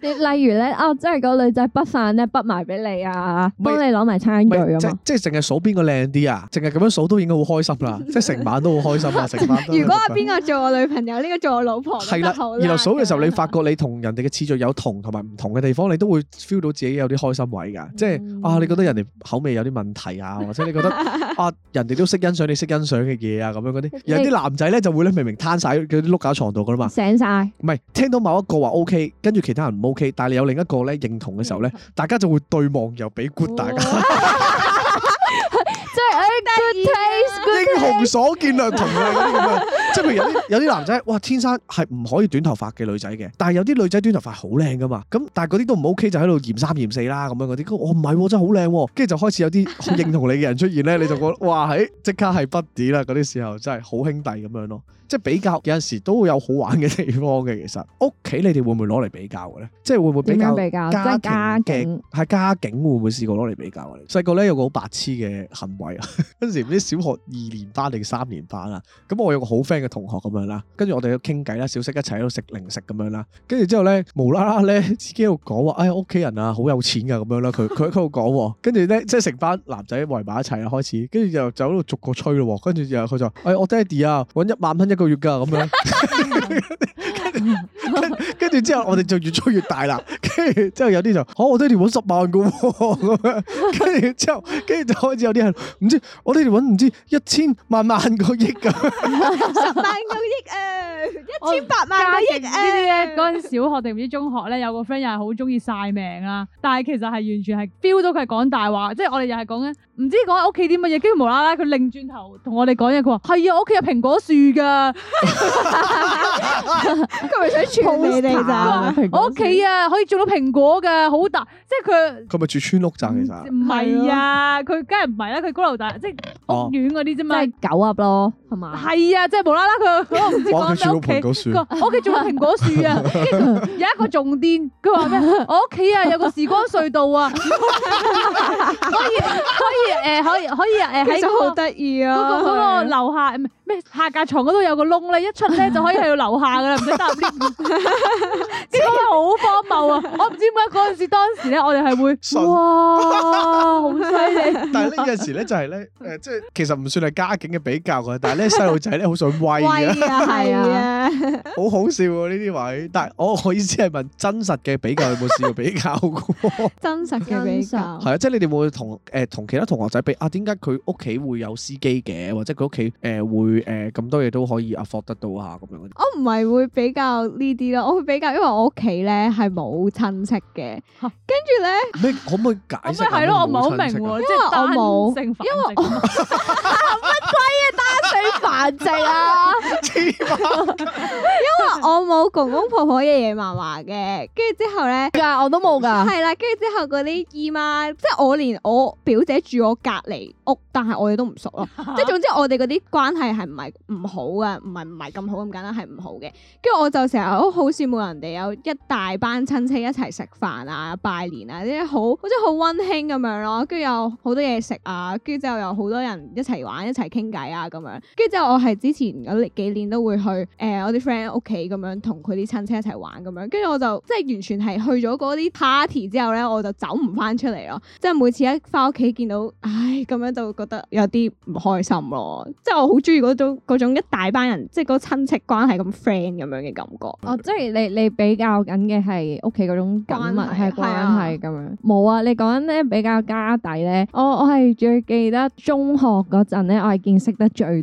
例如咧，哦，即係個女仔滗飯咧滗埋俾你啊，幫你攞埋餐具啊，即係淨係數邊個靚啲啊，淨係咁樣數都應該好開心啦，即係成晚都好開心啊，食飯。如果係邊個做我女朋友，呢個做我老婆，係啦。而係數嘅時候，你發覺你同人哋嘅次序有同同埋唔同嘅地方，你都會 feel 到自己有啲開心位噶，即係啊，你覺得人哋口味有啲問題啊，或者你覺得啊，人哋都識欣賞你識欣賞嘅嘢啊，咁樣嗰啲。有啲男仔咧就會咧，明明攤晒嗰啲碌架床度噶啦嘛，醒晒。唔係聽到某一個話 OK，跟住其他人唔 O K，但係你有另一個咧認同嘅時候咧，大家就會對望又比 good，大家即係 good taste。英雄所見略同啊，嗰啲咁樣， [LAUGHS] 即係譬如有啲有啲男仔，哇，天生係唔可以短頭髮嘅女仔嘅，但係有啲女仔短頭髮好靚噶嘛，咁但係嗰啲都唔 O K，就喺度嫌三嫌四啦，咁樣嗰啲，我唔係真係好靚，跟住就開始有啲好認同你嘅人出現咧， [LAUGHS] 你就覺得哇，喺、哎、即刻係 buddy 啦，嗰啲時候真係好兄弟咁樣咯。即係比較有陣時都會有好玩嘅地方嘅，其實屋企你哋會唔會攞嚟比較嘅咧？即係會唔會比較家比較家境係家境會唔會試過攞嚟比較呢？我哋細個咧有個好白痴嘅行為啊！嗰陣時唔知小學二年班定三年班啊，咁我有個好 friend 嘅同學咁樣啦，跟住我哋喺度傾偈啦，小息一齊喺度食零食咁樣啦，跟住之後咧無啦啦咧自己喺度講話，哎屋企人啊好有錢㗎咁樣啦，佢佢喺度講，跟住咧即係成班男仔圍埋一齊啦，開始跟住就走喺度逐個吹咯，跟住之後佢就話：哎，我爹哋啊揾一萬蚊一個月噶咁樣，跟住跟住之後我哋就越吹越大啦。跟住之後有啲就好，我哋要搵十萬個噶。跟住之後，跟住就開始有啲人唔知，我哋要搵唔知一千萬萬個億噶， [LAUGHS] [LAUGHS] 十萬個億啊，一千八萬個億啊。嗰陣小學定唔知中學咧，有個 friend 又係好中意晒命啦。但係其實係完全係標到佢係講大話，即係我哋又係講緊。唔知講下屋企啲乜嘢，跟住無啦啦佢擰轉頭同我哋講嘢，佢話：係啊，我屋企有蘋果樹㗎。佢咪想傳你哋咋？我屋企啊可以種到蘋果㗎，好大。即係佢佢咪住村屋咋其實？唔係啊，佢梗係唔係啦，佢高樓大，即係屋苑嗰啲啫嘛。狗屋咯係嘛？係啊，即係無啦啦佢，我唔知講咩。屋企有蘋果樹，屋企種緊蘋果樹啊。跟住有一個重點，佢話咩？我屋企啊有個時光隧道啊，可以可以。誒可以可以啊，那個！誒喺度好得意啊嗰個，嗰個樓下唔係。咩下格床嗰度有個窿咧，一出咧就可以喺度樓下噶啦，唔使踏入啲。超好 [LAUGHS] 荒謬啊！我唔知點解嗰陣時當時咧， [LAUGHS] 時我哋係會哇，好犀利！但係呢陣時咧就係咧，誒即係其實唔算係家境嘅比較啊。但係咧細路仔咧好想威啊，係啊，好 [LAUGHS] 好笑喎呢啲位，但係我我意思係問真實嘅比較有冇試過比較過？真實嘅比較係啊，即係你哋會同誒同其他同學仔比啊？點解佢屋企會有司機嘅，或者佢屋企誒會？呃會誒，咁、呃、多嘢都可以 afford 得到啊，咁樣。我唔係會比較呢啲咯，我會比較，因為我屋企咧係冇親戚嘅，哈跟住咧你可唔可以解釋、啊？係咯，啊、我唔好明喎，即係因為我冇因姓范。乜鬼 [LAUGHS] [LAUGHS] 啊！ [LAUGHS] 你繁殖啦， [LAUGHS] 因為我冇公公婆婆麻麻、爺爺嫲嫲嘅，跟住之後咧，我都冇噶，係啦，跟住之後嗰啲姨媽，即係我連我表姐住我隔離屋，但係我哋都唔熟咯， [LAUGHS] 即係總之我哋嗰啲關係係唔係唔好嘅，唔係唔係咁好咁簡單，係唔好嘅。跟住我就成日都好羨慕人哋有一大班親戚一齊食飯啊、拜年啊，啲好好似好溫馨咁樣咯。跟住又好多嘢食啊，跟住之後又好多人一齊玩、一齊傾偈啊咁樣。跟住之後，是我係之前嗰幾年都會去誒、呃、我啲 friend 屋企咁樣，同佢啲親戚一齊玩咁樣。跟住我就即係完全係去咗嗰啲 party 之後咧，我就走唔翻出嚟咯。即係每次一翻屋企見到，唉咁樣就會覺得有啲唔開心咯。即係我好中意嗰種一大班人，即係嗰親戚關係咁 friend 咁樣嘅感覺。哦，即係你你比較緊嘅係屋企嗰種緊密係關係咁係、啊、樣。冇啊，你講緊咧比較家底咧，我我係最記得中學嗰陣咧，我係見識得最。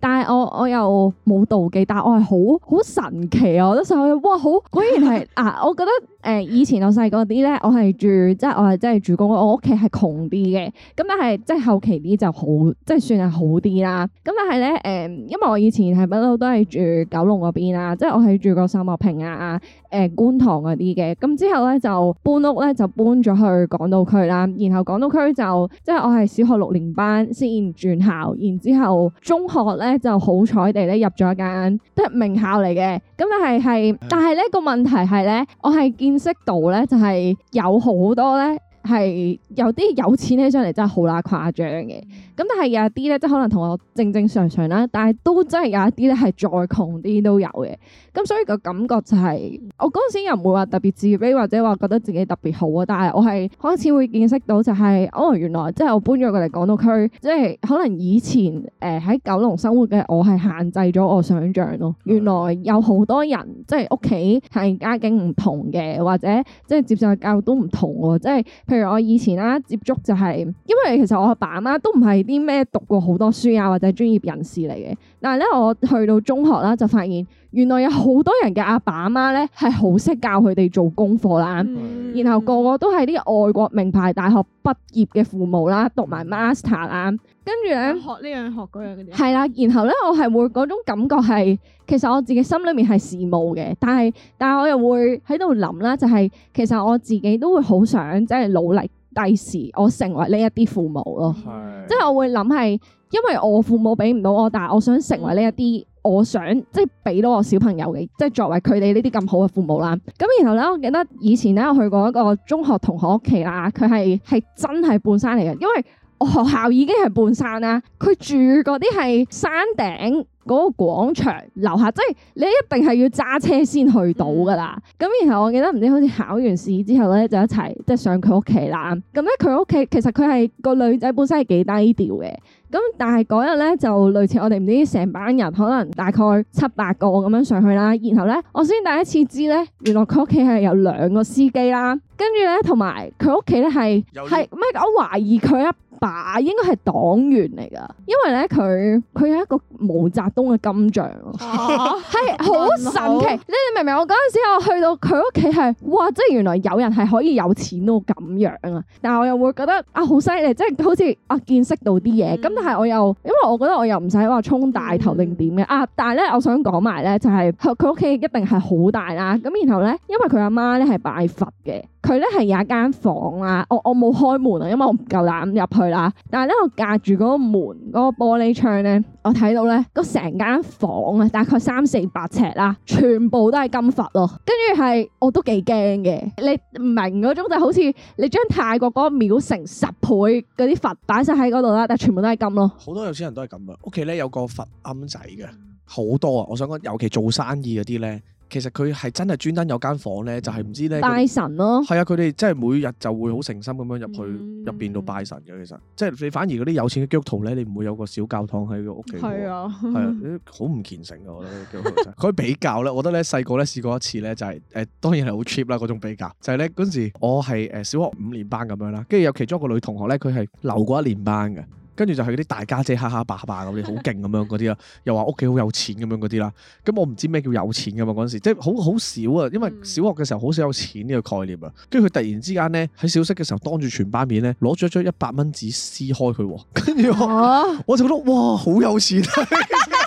但係我我又冇妒忌，但係我係好好神奇啊！我都想哇，好果然係 [LAUGHS] 啊！我覺得誒、呃，以前我細個啲咧，我係住即係我係即係住公屋，我屋企係窮啲嘅。咁但係即係後期啲就好，即係算係好啲啦。咁但係咧誒，因為我以前係不嬲都係住九龍嗰邊啦，即係我係住過秀茂坪啊、誒、呃、觀塘嗰啲嘅。咁之後咧就搬屋咧就搬咗去港島區啦，然後港島區就即係我係小學六年班先轉校，然之後中學咧。咧，就好彩地咧入咗一間都係名校嚟嘅，咁但係係，但係咧個問題係咧，我係見識到咧就係、是、有好多咧係有啲有錢起上嚟，真係好啦，誇張嘅。嗯。咁但係有一啲咧，即係可能同我正正常常啦，但係都真係有一啲咧係再窮啲都有嘅。咁所以個感覺就係、是，我嗰陣時又唔會話特別自卑或者話覺得自己特別好啊。但係我係開始會見識到就係、是，哦原來即係我搬咗過嚟港島區，即、就、係、是、可能以前誒喺、呃、九龍生活嘅我係限制咗我想象咯。原來有好多人即係屋企係家境唔同嘅，或者即係接受嘅教育都唔同喎。即、就、係、是、譬如我以前啦、啊、接觸就係、是，因為其實我阿爸阿媽都唔係。啲咩讀過好多書啊，或者專業人士嚟嘅。但係咧，我去到中學啦，就發現原來有好多人嘅阿爸阿媽咧，係好識教佢哋做功課啦。嗯、然後個個都係啲外國名牌大學畢業嘅父母啦，讀埋 Master 啦。跟住咧，學呢樣學嗰樣嘅。係啦，然後咧，我係會嗰種感覺係，其實我自己心裏面係羨慕嘅。但係，但係我又會喺度諗啦，就係其實我自己都會好想即係努力。第時我成為呢一啲父母咯，是即係我會諗係，因為我父母俾唔到我，但係我想成為呢一啲，我想即係俾到我小朋友嘅，即係作為佢哋呢啲咁好嘅父母啦。咁然後咧，我記得以前咧，我去過一個中學同學屋企啦，佢係係真係半山嚟嘅，因為我學校已經係半山啦，佢住嗰啲係山頂。嗰個廣場樓下，即係你一定係要揸車先去到㗎喇。咁、嗯、然後我記得唔知好似考完試之後呢，就一齊即係上佢屋企啦。咁呢佢屋企其實佢係個女仔，本身係幾低調嘅。咁但係嗰日呢就類似我哋唔知成班人可能大概七八個咁樣上去啦。然後呢我先第一次知呢，原來佢屋企係有兩個司機啦。跟住咧，同埋佢屋企咧係係，咩人？我懷疑佢阿爸，爸應該係黨員嚟㗎，因為咧佢佢有一個毛澤東嘅金像，係好神奇。好你你明唔明？我嗰陣時我去到佢屋企係，哇！即係原來有人係可以有錢到咁樣啊！但係我又會覺得啊，就是、好犀利，即係好似啊見識到啲嘢。咁、嗯、但係我又因為我覺得我又唔使話充大頭定點嘅啊！但係咧，我想講埋咧就係佢屋企一定係好大啦。咁然後咧，因為佢阿媽咧係拜佛嘅。佢咧係有一間房啊，我我冇開門啊，因為我唔夠膽入去啦。但係咧，我隔住嗰個門嗰個玻璃窗咧，我睇到咧，個成間房啊，大概三四百尺啦，全部都係金佛咯。跟住係我都幾驚嘅，你唔明嗰種就好似你將泰國嗰個廟成十倍嗰啲佛擺晒喺嗰度啦，但係全部都係金咯。好多有錢人都係咁啊，屋企咧有個佛庵仔嘅好多啊，我想講尤其做生意嗰啲咧。其實佢係真係專登有間房咧，嗯、就係唔知咧拜神咯。係啊，佢哋真係每日就會好誠心咁樣、嗯、入去入邊度拜神嘅。其實即係你反而嗰啲有錢嘅基督徒咧，你唔會有個小教堂喺佢屋企，係、嗯、啊，係好唔虔誠嘅。我覺得個基督徒真。佢 [LAUGHS] 比較咧，我覺得咧細個咧試過一次咧、就是，就係誒，當然係好 cheap 啦，嗰種比較就係咧，嗰陣時我係誒小學五年班咁樣啦，跟住有其中一個女同學咧，佢係留過一年班嘅。跟住就係嗰啲大家姐，蝦蝦霸霸咁樣，好勁咁樣嗰啲啦，又話屋企好有錢咁樣嗰啲啦。咁我唔知咩叫有錢㗎嘛，嗰陣時即係好好少啊。因為小學嘅時候好少有錢呢個概念啊。跟住佢突然之間呢，喺小息嘅時候，當住全班面呢，攞咗張一百蚊紙撕開佢，跟住我、啊、我就覺得哇，好有錢。 [LAUGHS]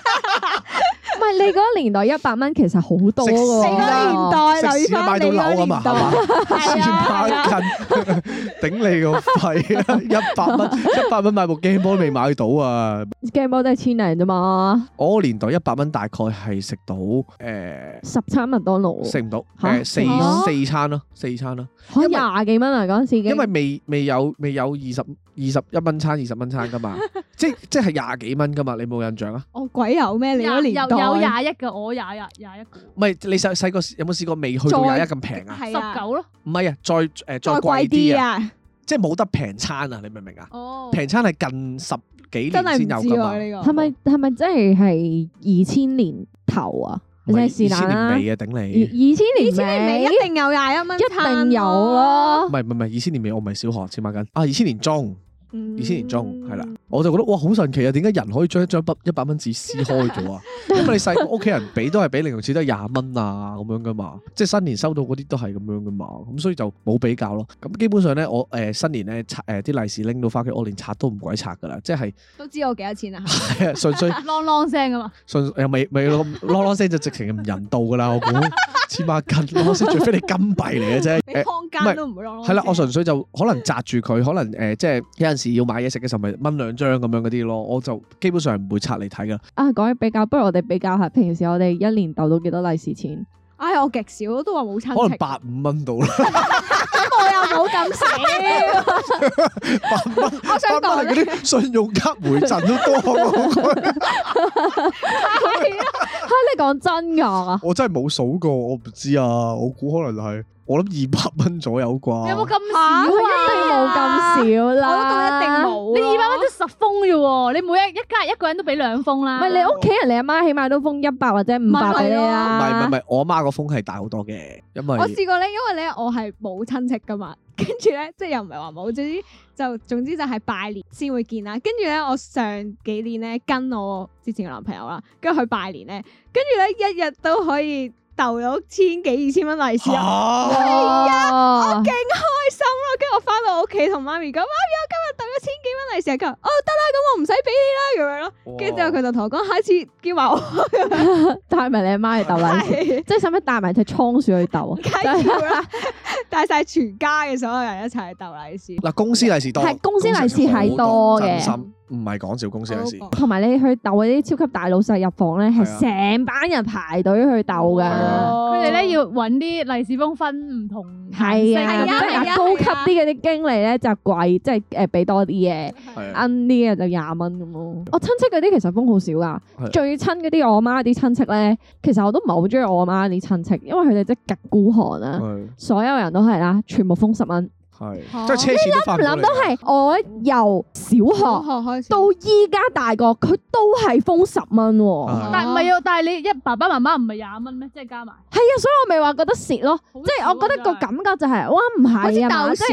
你嗰年代一百蚊其實好多㗎喎，嗰年代買到樓㗎嘛，係嘛？千八斤頂你個肺！啊！一百蚊，一百蚊買部 Game Boy 都未買到啊！Game Boy 都係千零啫嘛。我個年代一百蚊大概係食到誒十餐麥當勞，食唔到，誒四四餐咯，四餐咯。嚇！廿幾蚊啊，嗰陣時。因為未未有未有二十二十一蚊餐、二十蚊餐㗎嘛，即即係廿幾蚊㗎嘛，你冇印象啊？我鬼有咩？你嗰年代。廿一㗎，我廿一廿一。唔係你細細個有冇試過未去到廿一咁平啊？十九咯。唔係啊，再誒、呃、再貴啲啊！啊即係冇得平餐啊！你明唔明啊？平、哦、餐係近十幾年先有㗎嘛、啊？係咪係咪真係係二千年頭啊，年啊二？二千年尾啊！頂你！二千年二千年尾一定有廿一蚊，一定有咯、啊。唔係唔係唔係，二千年尾我唔係小學，千八緊啊，二千年中。啊二千年中係啦，我就覺得哇好神奇啊！點解人可以將一張一百蚊紙撕開咗啊？因為你細個屋企人俾都係俾零用錢都係廿蚊啊咁樣噶嘛，即係新年收到嗰啲都係咁樣噶嘛，咁所以就冇比較咯。咁基本上咧，我誒新年咧拆誒啲利是拎到翻屋企，我連拆都唔鬼拆噶啦，即係都知我幾多錢啊？係啊，純粹啷啷聲噶嘛，純粹又未未咁啷啷聲就直情唔人道噶啦，我估千把斤，除非你金幣嚟嘅啫，你當間都唔會啷啷。係啦，我純粹就可能紮住佢，可能誒即係有陣時。要買嘢食嘅時候咪掹兩張咁樣嗰啲咯，我就基本上唔會拆嚟睇噶。啊，講起比較，不如我哋比較下平時我哋一年逗到幾多利是錢。哎我極少，都話冇親戚，可能八五蚊到啦。我又冇咁少。蚊？ [LAUGHS] 我想講嗰啲信用卡回贈都多。係 [LAUGHS] [LAUGHS] 啊，啊，你講真噶？ [LAUGHS] 我真係冇數過，我唔知啊，我估可能係。我諗二百蚊左右啩，有冇咁少、啊、一定冇咁少啦。我一定冇。你二百蚊都十封啫喎，你每一家一家一個人都俾兩封啦。唔係我你屋企人，你阿媽起碼都封一百或者五百俾你咯。唔係唔係，我阿媽個封係大好多嘅，因為我試過咧，因為咧我係冇親戚噶嘛，跟住咧即係又唔係話冇，總之就總之就係拜年先會見啦。跟住咧，我上幾年咧跟我之前嘅男朋友啦，跟住去拜年咧，跟住咧一日都可以。逗咗千幾二千蚊利是啊！係啊蛤、哎，我勁開心咯！跟住我翻到屋企同媽咪講，媽咪我今日逗咗千幾蚊利是，跟住哦，得啦，咁我唔使俾你啦咁樣咯。跟住之後佢就同我講，下次叫埋我，咁帶埋你阿媽去逗利是，即係使唔使帶埋隻倉鼠去逗啊？帶晒全家嘅所有人一齊去逗利是。嗱，公司利是多，係公司利是係多嘅。唔係講笑，公司嘅事，同埋你去鬥嗰啲超級大老細入房咧，係成班人排隊去鬥嘅。佢哋咧，要揾啲利是封分唔同，係啊，高級啲嘅啲經理咧就貴，即係誒俾多啲嘢，奀啲嘅就廿蚊咁咯。我親戚嗰啲其實封好少噶，最親嗰啲我媽啲親戚咧，其實我都唔係好中意我媽啲親戚，因為佢哋即係極孤寒啊。所有人都係啦，全部封十蚊。係，即係你諗唔諗都係，我由小學到依家大個，佢都係封十蚊，但係唔係要？但係你一爸爸媽媽唔係廿蚊咩？即係加埋。係啊，所以我咪話覺得蝕咯，即係我覺得個感覺就係，哇，唔係啊，即係咁樣，即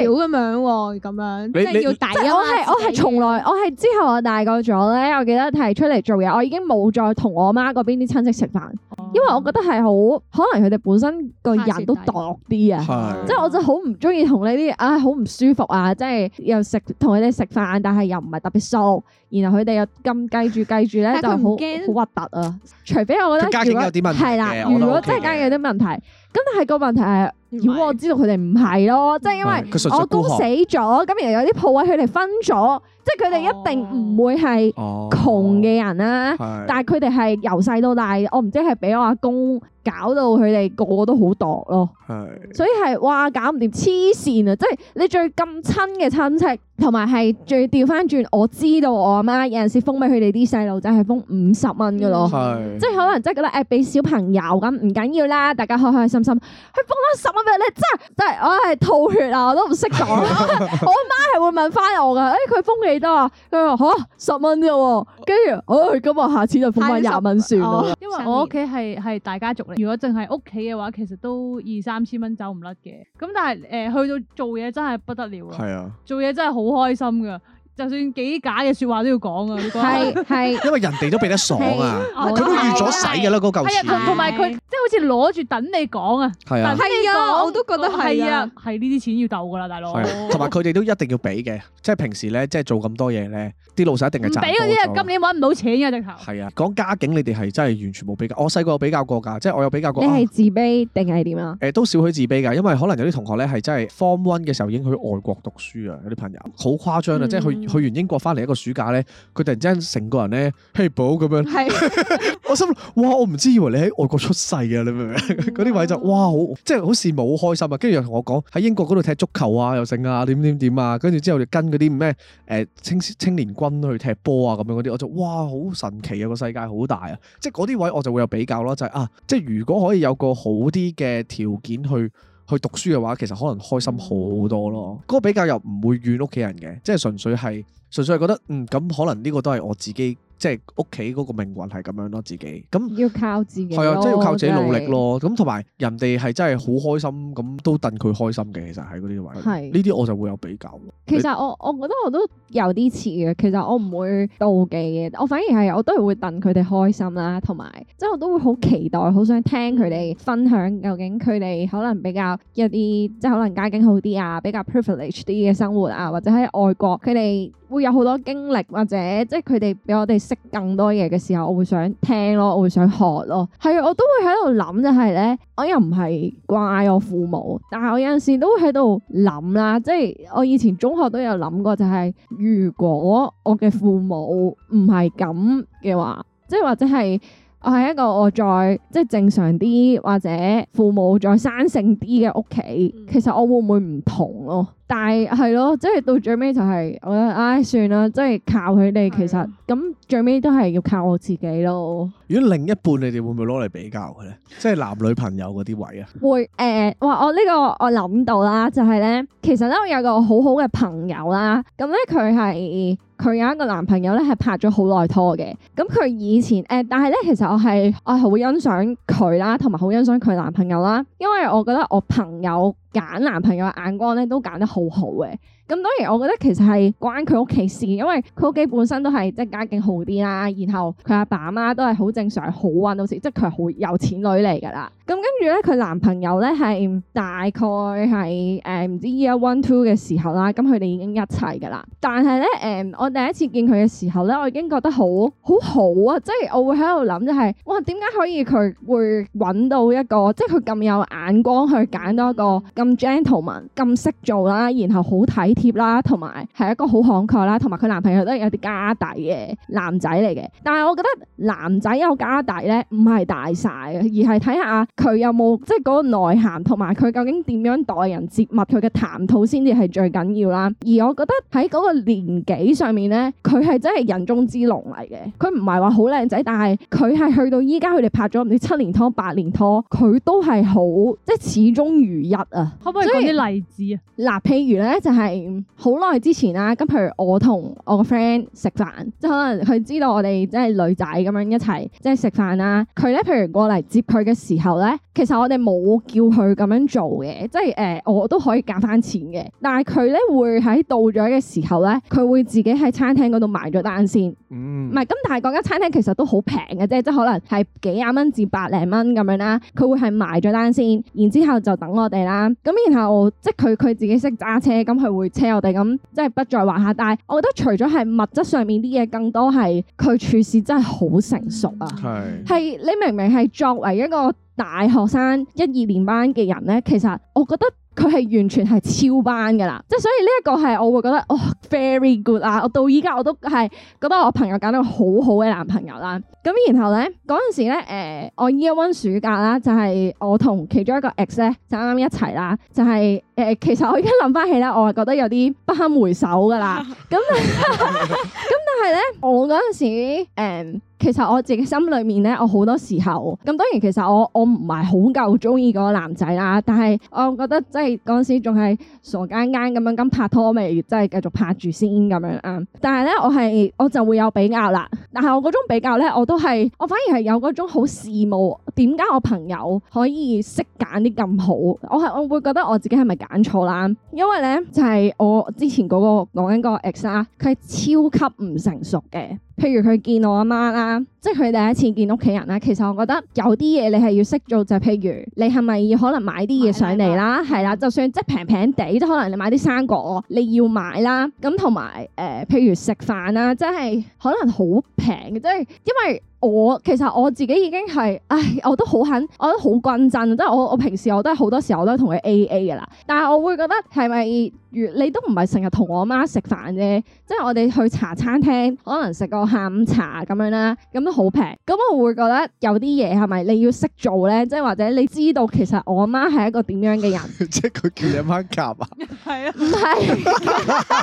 係要抵。我係我係從來我係之後我大個咗咧，我記得提出嚟做嘢，我已經冇再同我媽嗰邊啲親戚食飯。因為我覺得係好，可能佢哋本身個人都度啲的啊，即係我就好唔中意同你啲啊，好唔舒服啊！即係又食同佢哋食飯，但係又唔係特別熟，然後佢哋又咁計住計住咧，但就好驚好核突啊！除非我覺得，家境有啲問題，係啦，OK、如果真係家境有啲問題，咁但係個問題係，是如果我知道佢哋唔係咯，即係因為我阿公死咗，咁然後有啲鋪位佢哋分咗。即係佢哋一定唔會係窮嘅人啦，哦、但係佢哋係由細到大，我唔知係俾我阿公搞到佢哋個個都好度咯。是所以係哇搞唔掂，黐線啊！即係你最咁親嘅親戚，同埋係最掉翻轉，我知道我阿媽有陣時封俾佢哋啲細路仔係封五十蚊噶咯，是即係可能即係覺得誒俾小朋友咁唔緊要啦，大家開開心心佢封翻十蚊俾你，真係真係，是我係吐血啊！我都唔識講， [LAUGHS] [LAUGHS] 我阿媽係會問翻我噶，誒、欸、佢封記得啊，佢話吓十蚊啫，跟住，哎，咁啊，啊下次就奉翻廿蚊算啦。因為我屋企係係大家族嚟，如果淨係屋企嘅話，其實都二三千蚊走唔甩嘅。咁但係誒、呃，去到做嘢真係不得了是啊！做嘢真係好開心噶。就算幾假嘅説話都要講啊！係係，因為人哋都俾得爽啊！佢都預咗使㗎啦，嗰嚿錢係啊，同埋佢即係好似攞住等你講啊！係啊，係啊，我都覺得係啊，係呢啲錢要鬥噶啦，大佬！同埋佢哋都一定要俾嘅，即係平時咧，即係做咁多嘢咧，啲老細一定係賺唔俾嗰啲啊！今年揾唔到錢啊，直係啊！講家境，你哋係真係完全冇比較。我細個有比較過㗎，即係我有比較過。你係自卑定係點啊？誒，都少許自卑㗎，因為可能有啲同學咧係真係 form one 嘅時候已經去外國讀書啊！有啲朋友好誇張啊，即係去。去完英國翻嚟一個暑假咧，佢突然之間成個人咧嘿，寶咁樣，我心哇我唔知以為你喺外國出世啊！你明唔明？嗰啲是的 [LAUGHS] 位就哇好即係好羨慕，好，好開心啊！跟住又同我講喺英國嗰度踢足球啊，又剩啊點點點啊！跟住、啊、之後就跟嗰啲咩誒青青年軍去踢波啊咁樣嗰啲，我就哇好神奇啊！這個世界好大、就是、啊！即係嗰啲位我就會有比較咯，就係啊即係如果可以有個好啲嘅條件去。去讀書嘅話，其實可能開心好多咯。嗰 [NOISE] 個比較又唔會怨屋企人嘅，即係純粹係純粹係覺得，嗯咁可能呢個都係我自己。即係屋企嗰個命運係咁樣咯，自己咁要靠自己，係啊，即係要靠自己努力咯。咁同埋人哋係真係好開心，咁都戥佢開心嘅。其實喺嗰啲位，係呢啲我就會有比較。其實我我覺得我都有啲似嘅。其實我唔會妒忌嘅，我反而係我都係會戥佢哋開心啦，同埋即係我都會好期待，好想聽佢哋分享究竟佢哋可能比較一啲，即係可能家境好啲啊，比較 privileged 啲嘅生活啊，或者喺外國佢哋會有好多經歷，或者即係佢哋比我哋。識更多嘢嘅時候，我會想聽咯，我會想學咯，係啊，我都會喺度諗，就係咧，我又唔係怪我父母，但係我有陣時都會喺度諗啦，即係我以前中學都有諗過，就是，就係如果我嘅父母唔係咁嘅話，即係或者係。我係一個我再即係正常啲或者父母再生性啲嘅屋企，嗯、其實我會唔會唔同咯、啊？但係係咯，即係到最尾就係、是、我覺得，唉、哎，算啦，即係靠佢哋，其實咁是的 最尾都係要靠我自己咯。如果另一半你哋會唔會攞嚟比較咧？即係男女朋友嗰啲位啊？會誒、呃，哇！我呢個我諗到啦，就係、是、咧，其實咧我有個好好嘅朋友啦，咁咧佢係。佢有一個男朋友咧，係拍咗好耐拖嘅。咁佢以前誒、呃，但係咧，其實我係我好欣賞佢啦，同埋好欣賞佢男朋友啦，因為我覺得我朋友揀男朋友眼光咧都揀得好好嘅。咁當然，我覺得其實係關佢屋企事，因為佢屋企本身都係即係家境好啲啦。然後佢阿爸阿媽都係好正常好運到時，即係佢係好有錢女嚟噶啦。咁跟住咧，佢男朋友咧係大概係誒唔知 year one two 嘅時候啦。咁佢哋已經一齊噶啦。但係咧誒，我第一次見佢嘅時候咧，我已經覺得好好好啊！即係我會喺度諗就係、是，哇，點解可以佢會揾到一個，即係佢咁有眼光去揀到一個咁 gentleman 咁識做啦，然後好睇。貼啦，同埋係一個好慷慨啦，同埋佢男朋友都係有啲家底嘅男仔嚟嘅。但係我覺得男仔有家底咧，唔係大晒嘅，而係睇下佢有冇即係嗰個內涵，同埋佢究竟點樣待人接物，佢嘅談吐先至係最緊要啦。而我覺得喺嗰個年紀上面咧，佢係真係人中之龍嚟嘅。佢唔係話好靚仔，但係佢係去到依家，佢哋拍咗唔知七年拖、八年拖，佢都係好即係始終如一啊。可唔可以講啲例子啊？嗱，呃，譬如咧就係。好耐之前啦，咁譬如我同我個 friend 食飯，即係可能佢知道我哋即係女仔咁樣一齊即係食飯啦。佢、就、咧、是、譬如過嚟接佢嘅時候咧，其實我哋冇叫佢咁樣做嘅，即係誒、呃、我都可以夾翻錢嘅。但係佢咧會喺到咗嘅時候咧，佢會自己喺餐廳嗰度埋咗單先，唔係咁。但係嗰間餐廳其實都好平嘅啫，即係可能係幾廿蚊至百零蚊咁樣啦。佢會係埋咗單先，然之後就等我哋啦。咁然後即係佢佢自己識揸車，咁佢會。我哋咁，即係不在話下。但係，我覺得除咗係物質上面啲嘢，更多係佢處事真係好成熟啊！係是，係你明明係作為一個大學生一二年班嘅人咧，其實我覺得。佢係完全係超班噶啦，即係所以呢一個係我會覺得哦 very good 啊，我到依家我都係覺得我朋友揀到好好嘅男朋友啦。咁然後咧，嗰陣時咧，誒、呃、我 year one 暑假啦，就係、是、我同其中一個 ex 咧就啱啱一齊啦，就係、是、誒、呃、其實我而家諗翻起咧，我係覺得有啲不堪回首噶啦。咁但咁但係咧，我嗰陣時誒。呃其實我自己心裏面咧，我好多時候，咁當然其實我我唔係好夠鍾意嗰個男仔啦，但係我覺得即係嗰陣時仲係傻更更咁樣咁拍拖未，即係繼續拍住先咁樣啊！但係咧，我係我就會有比較啦。但係我嗰種比較咧，我都係我反而係有嗰種好羨慕，點解我朋友可以識揀啲咁好，我係我會覺得我自己係咪揀錯啦？因為咧就係、是、我之前嗰、那個講緊個 ex 佢係超級唔成熟嘅。譬如佢見我阿媽啦，即係佢第一次見屋企人啦。其實我覺得有啲嘢你係要識做，就譬如你係咪要可能買啲嘢上嚟啦？係啦，就算即係平平地，即可能你買啲生果，你要買啦。咁同埋誒，譬如食飯啦，即係可能好平嘅，即係因為。我其實我自己已經係，唉，我都好肯，我都好均真，即係我我平時我都係好多時候我都係同佢 A A 噶啦。但係我會覺得係咪越你都唔係成日同我媽食飯啫，即係我哋去茶餐廳可能食個下午茶咁樣啦，咁都好平。咁我會覺得有啲嘢係咪你要識做咧？即係或者你知道其實我媽係一個點樣嘅人？即係佢叫你媽夾啊？係啊，唔係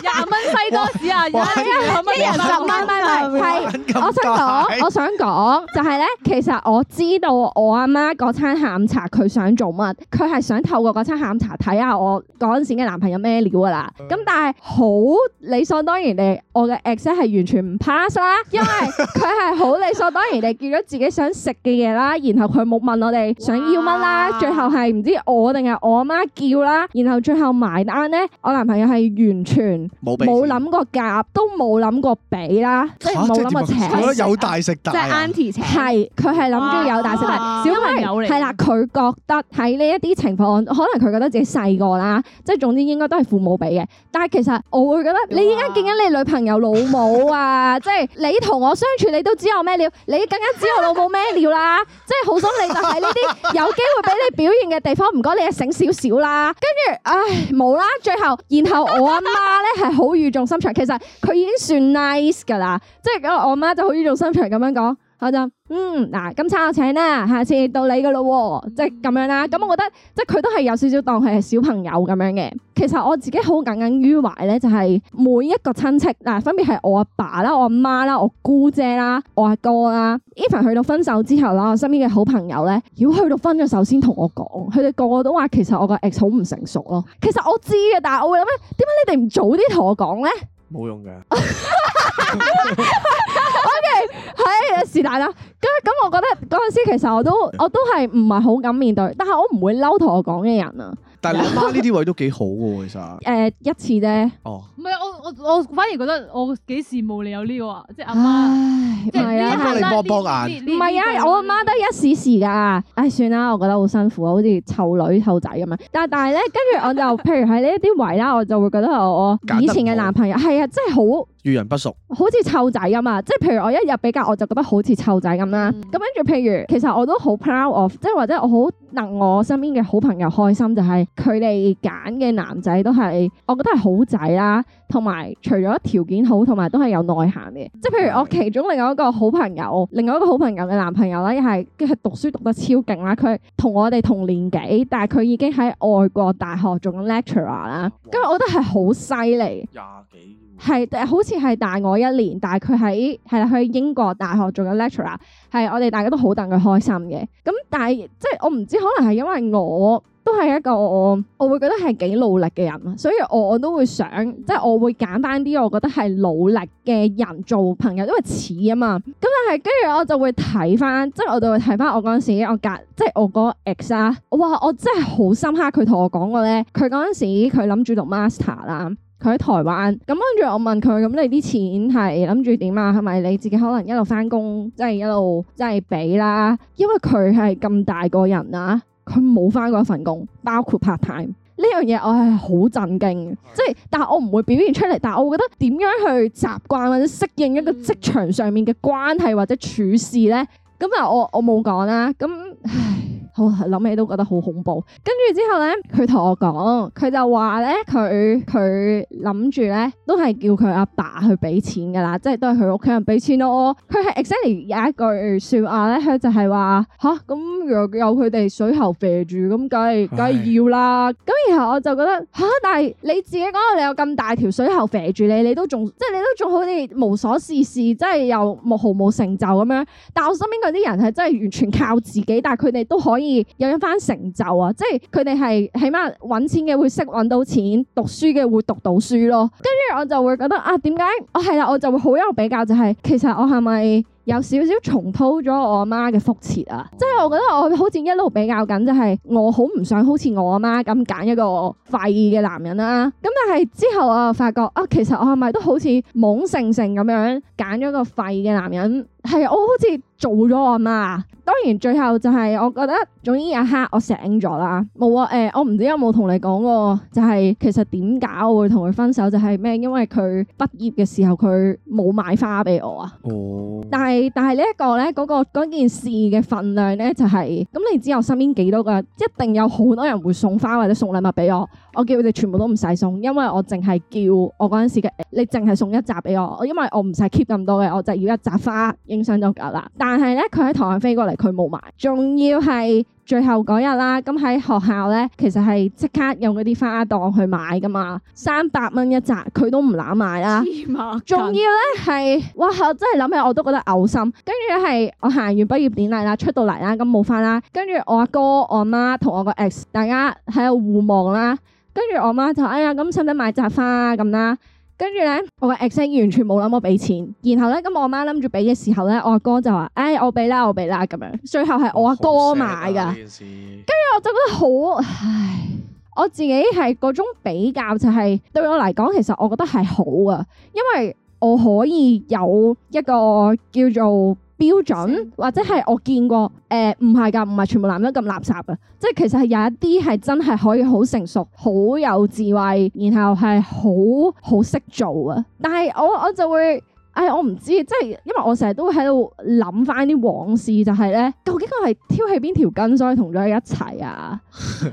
廿蚊西多士啊！一人十蚊蚊係，我想講，我想講。講就係咧，其實我知道我阿媽嗰餐下午茶佢想做乜，佢係想透過嗰餐下午茶睇下我嗰陣時嘅男朋友咩料㗎啦。咁、嗯、但係好理所當然地，我嘅 e x sex 係完全唔 pass 啦，因為佢係好理所當然地叫咗自己想食嘅嘢啦。然後佢冇問我哋想要乜啦，哇最後係唔知我定係我阿媽，媽叫啦。然後最後埋單咧，我男朋友係完全冇冇諗過夾，都冇諗過俾啦、啊啊，即係冇諗過請。我有大食，大食 [LAUGHS] 係，佢係諗住有大、細係小朋友嚟。係啦，佢覺得喺呢一啲情況，可能佢覺得自己細個啦，即係總之應該都係父母俾嘅。但係其實我會覺得，啊、你依家見緊你女朋友老母啊，即係、 [LAUGHS] 就是，你同我相處，你都知我咩料，你更加知我老母咩料啦。即係好想你就喺呢啲有機會俾你表現嘅地方，唔該 [LAUGHS] 你係醒少少啦。跟住，唉，冇啦。最後，然後我阿媽咧係好語重心長，其實佢已經算 nice 噶啦。即、就、係、是，我阿媽就好語重心長咁樣講。我就嗯嗱，今餐我請啦，下次到你噶咯，即係咁樣啦。咁我覺得即係佢都係有少少當佢係小朋友咁樣嘅。其實我自己好耿耿於懷咧，就係、是、每一個親戚嗱、呃，分別係我阿爸，爸啦、我阿媽啦、我姑姐啦、我阿哥啦。even 去到分手之後啦，我身邊嘅好朋友咧，要去到分咗手先同我講，佢哋個個都話其實我個 ex 好唔成熟咯。其實我知嘅，但係我會諗咧，點解你哋唔早啲同我講咧？冇用嘅 [LAUGHS] [LAUGHS] ，OK，係是但啦。咁咁，我覺得嗰陣時其實我都我都係唔係好敢面對，但係我唔會嬲同我講嘅人啊。但係你阿媽呢啲位都幾好喎，其實、 [LAUGHS] 呃。誒一次啫。哦。唔係，我我我反而覺得我幾羨慕你有、這、呢個唉即啊，即係阿媽。係啊，幫你博博眼。唔係啊，我阿媽都一時時㗎。唉、哎，算啦，我覺得好辛苦啊，好似湊女湊仔咁樣。但係但係咧，跟住我就 [LAUGHS] 譬如喺呢一啲位啦，我就會覺得我以前嘅男朋友係啊，真係好。遇人不熟，好似臭仔啊嘛，即係譬如我一日比較，我就覺得好似臭仔咁啦。咁跟住譬如，其實我都好 proud of，即係或者我好能我身邊嘅好朋友開心，就係佢哋揀嘅男仔都係，我覺得係好仔啦。同埋除咗條件好，同埋都係有內涵嘅。即係譬如我其中另外一個好朋友，嗯、另外一個好朋友嘅男朋友又係佢係讀書讀得超勁啦。佢同我哋同年紀，但係佢已經喺外國大學做緊 lecturer 啦哇。咁我覺得係好犀利，廿幾。.係，好似係大我一年，但係佢喺係啦，佢喺英國大學做緊 lecturer，係我哋大家都好等佢開心嘅。咁但係即係我唔知，可能係因為我都係一個我會覺得係幾努力嘅人，所以我，我都會想即係我會揀翻啲，我覺得係努力嘅人做朋友，因為似啊嘛。咁但係跟住我就會睇翻，即係我就會睇翻我嗰陣時，我隔即係我個 ex 啦，我話我真係好深刻，佢同我講過咧，佢嗰陣時佢諗住讀 master 啦。佢喺台灣，咁跟住我問佢，咁你啲錢係諗住點啊？係咪你自己可能一路翻工，即係一路即係俾啦？因為佢係咁大個人啦，佢冇翻過一份工，包括 part time 呢樣嘢，我係好震驚，即係但係我唔會表現出嚟，但係我覺得點樣去習慣或者適應一個職場上面嘅關係或者處事咧？咁啊，我我冇講啦，咁唉。我諗起都覺得好恐怖，跟住之後咧，佢同我講，佢就話咧，佢佢諗住咧，都係叫佢阿爸，爸去俾錢噶啦，即係都係佢屋企人俾錢咯，喔。佢係 exactly 有一句話呢說話咧，佢就係話吓，咁如果有佢哋水喉射住，咁梗係梗係要啦。咁是然後我就覺得吓，但係你自己講到你有咁大條水喉射住你，你都仲即係你都仲好似無所事事，即係又冇毫無成就咁樣。但係我身邊嗰啲人係真係完全靠自己，但係佢哋都可以。有一番成就啊！即係佢哋係起碼揾錢嘅會識揾到錢，讀書嘅會讀到書咯。跟住我就會覺得啊，點解我係啦？我就會好有比較，就係、是、其實我係咪？有少少重蹈咗我阿媽嘅覆轍啊！即係我覺得我好似一路比較緊，就係、是、我好唔想好似我阿媽咁揀一個廢嘅男人啦。咁但係之後我又發覺啊，其實我係咪都好似懵盛盛咁樣揀咗個廢嘅男人？係我好似做咗我阿媽啊！當然最後就係我覺得總之一刻我醒咗啦。冇啊，誒、欸、我唔知有冇同你講過，就係其實點解我會同佢分手？就係、是、咩？因為佢畢業嘅時候佢冇買花俾我啊。哦、但係。但係呢一個咧，嗰個嗰件事嘅份量咧，就係咁。你知我身邊幾多個，一定有好多人會送花或者送禮物俾我。我叫佢哋全部都唔使送，因為我淨係叫我嗰陣時嘅，你淨係送一紮俾我。因為我唔使 keep 咁多嘅，我就要一紮花影相就夠啦。但係咧，佢喺台灣飛過嚟，佢冇埋，仲要係。最後嗰日啦，咁喺學校咧，其實係即刻用嗰啲花檔去買噶嘛，三百蚊一扎，佢都唔攬買啦。仲要咧係，哇！我真係諗起我都覺得嘔心。跟住係我行完畢業典禮啦，出到嚟啦，咁冇花啦。跟住我阿哥、我阿媽同我個 ex，大家喺度互望啦。跟住我媽就哎呀，咁使唔使買扎花咁、啊、啦？跟住咧，我個 x、A、完全冇諗過俾錢，然後咧咁我阿媽諗住俾嘅時候咧，我阿哥就話：唉、哎，我俾啦，我俾啦，咁樣。最後係我阿很哥買噶，跟住、啊、我就覺得好，唉，我自己係嗰種比較、就是，就係對我嚟講，其實我覺得係好啊，因為我可以有一個叫做。標準或者係我見過，誒唔係㗎，唔係全部男人咁垃圾呀！即係其實係有一啲係真係可以好成熟、好有智慧，然後係好好識做呀！但係我我就會。哎，我唔知，即係因為我成日都會喺度諗翻啲往事，就係、是、咧，究竟我係挑起邊條筋，所以同咗佢一齊啊？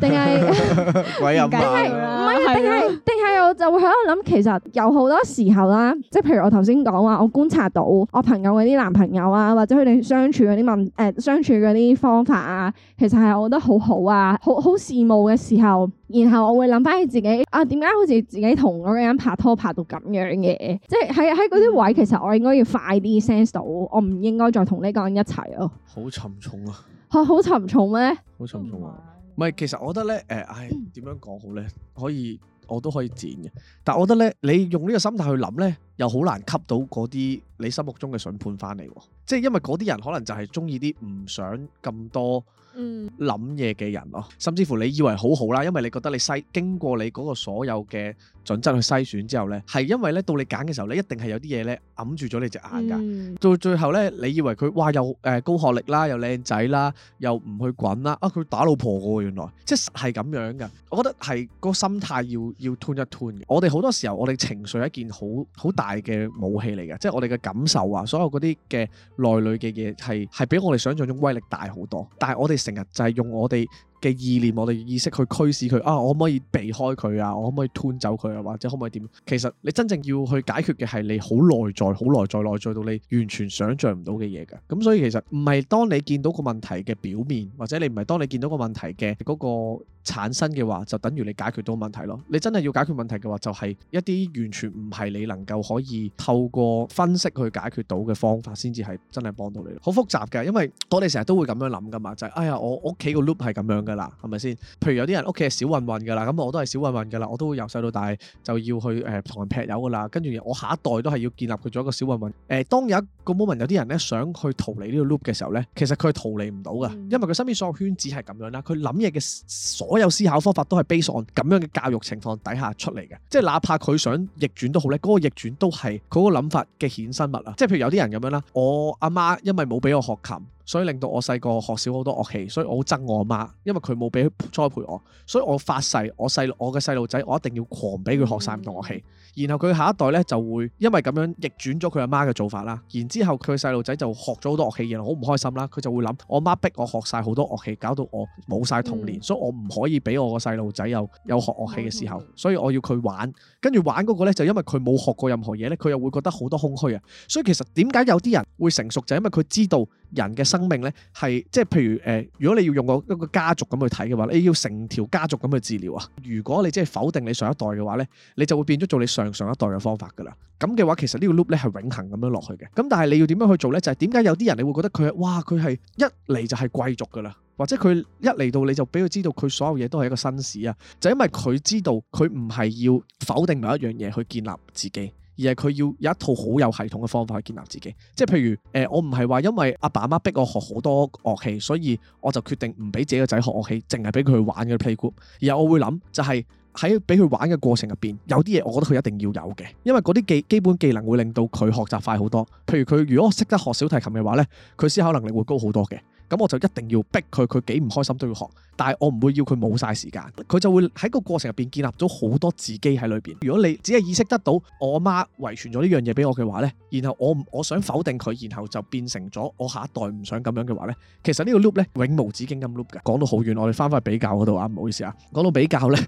定係鬼咁啦？唔係啊？定係定係我就會喺度諗，其實有好多時候啦，即係譬如我頭先講話，我觀察到我朋友嗰啲男朋友啊，或者佢哋相處嗰啲問誒、欸、相處嗰啲方法啊，其實係我覺得好好啊，好好羨慕嘅時候。然後我會諗翻起自己啊，點解好似自己同嗰個人拍拖拍到咁樣嘅？即係喺喺嗰啲位，其實我應該要快啲 sense 到，我唔應該再同呢個人一齊咯。好沉重啊！吓、啊，好沉重咩？好沉重啊！唔係，其實我覺得咧，誒、呃，點樣講好咧？可以，我都可以剪嘅。但係我覺得咧，你用呢個心態去諗咧，又好難吸到嗰啲你心目中嘅筍盤翻嚟。即係因為嗰啲人可能就係中意啲唔想咁多。嗯，諗嘢嘅人咯，哦，甚至乎你以為好好啦，因為你覺得你細經過你嗰個所有嘅。準則去篩選之後呢，係因為呢到你揀嘅時候呢，一定係有啲嘢呢揞住咗你隻眼㗎。嗯、到最後呢，你以為佢哇又誒、呃、高學歷啦，又靚仔啦，又唔去滾啦啊！佢打老婆喎，原來即係咁樣㗎。我覺得係個心態要要㩒一㩒嘅。我哋好多時候，我哋情緒係一件好好大嘅武器嚟嘅，即係我哋嘅感受啊，所有嗰啲嘅內裏嘅嘢係係比我哋想像中威力大好多。但係我哋成日就係用我哋。嘅意念，我哋意識去驅使佢啊！我可唔可以避開佢啊？我可唔可以吞走佢啊？或者可唔可以點？其實你真正要去解決嘅係你好內在、好內在、內在到你完全想像唔到嘅嘢㗎。咁所以其實唔係當你見到個問題嘅表面，或者你唔係當你見到個問題嘅嗰個。產生嘅話，就等於你解決到問題咯。你真係要解決問題嘅話，就係、是、一啲完全唔係你能夠可以透過分析去解決到嘅方法，先至係真係幫到你。好複雜嘅，因為我哋成日都會咁樣諗噶嘛，就係、是、哎呀，我屋企個 loop 係咁樣噶啦，係咪先？譬如有啲人屋企係小混混噶啦，咁我都係小混混噶啦，我都會由細到大就要去誒同、呃、人劈友噶啦，跟住我下一代都係要建立佢做一個小混混。誒、呃，當有一個 moment 有啲人呢想去逃離呢個 loop 嘅時候呢，其實佢係逃離唔到噶，嗯、因為佢身邊所有圈子係咁樣啦，佢諗嘢嘅所。所有思考方法都係 base on 咁樣嘅教育情況底下出嚟嘅，即係哪怕佢想逆轉都好咧，嗰、那個逆轉都係佢個諗法嘅衍生物啦。即係譬如有啲人咁樣啦，我阿媽因為冇俾我學琴，所以令到我細個學少好多樂器，所以我好憎我阿媽，因為佢冇俾栽培我，所以我發誓我細我嘅細路仔我一定要狂俾佢學晒唔同樂器。嗯然後佢下一代呢就會因為咁樣逆轉咗佢阿媽嘅做法啦，然之後佢細路仔就學咗好多樂器，然後好唔開心啦，佢就會諗我媽逼我學晒好多樂器，搞到我冇晒童年，嗯、所以我唔可以俾我個細路仔又有學樂器嘅時候，所以我要佢玩，跟住玩嗰個呢就因為佢冇學過任何嘢呢，佢又會覺得好多空虛啊，所以其實點解有啲人會成熟就係、因為佢知道。人嘅生命呢，係即係譬如誒、呃，如果你要用個一個家族咁去睇嘅話，你要成條家族咁去治療啊！如果你即係否定你上一代嘅話呢，你就會變咗做你上上一代嘅方法噶啦。咁嘅話，其實呢個 loop 咧係永恆咁樣落去嘅。咁但係你要點樣去做呢？就係點解有啲人你會覺得佢哇，佢係一嚟就係貴族噶啦，或者佢一嚟到你就俾佢知道佢所有嘢都係一個紳士啊，就因為佢知道佢唔係要否定某一樣嘢去建立自己。而係佢要有一套好有系統嘅方法去建立自己，即係譬如誒、呃，我唔係話因為阿爸阿媽逼我學好多樂器，所以我就決定唔俾自己個仔學樂器，淨係俾佢玩嘅 playgroup。而我會諗就係喺俾佢玩嘅過程入邊，有啲嘢我覺得佢一定要有嘅，因為嗰啲技基本技能會令到佢學習快好多。譬如佢如果識得學小提琴嘅話呢，佢思考能力會高好多嘅。咁我就一定要逼佢，佢幾唔開心都要學。但係我唔會要佢冇晒時間，佢就會喺個過程入邊建立咗好多自己喺裏邊。如果你只係意識得到我阿媽遺傳咗呢樣嘢俾我嘅話呢，然後我我想否定佢，然後就變成咗我下一代唔想咁樣嘅話呢。其實呢個 loop 咧永無止境咁 loop 嘅。講到好遠，我哋翻返去比較嗰度啊，唔好意思啊，講到比較呢。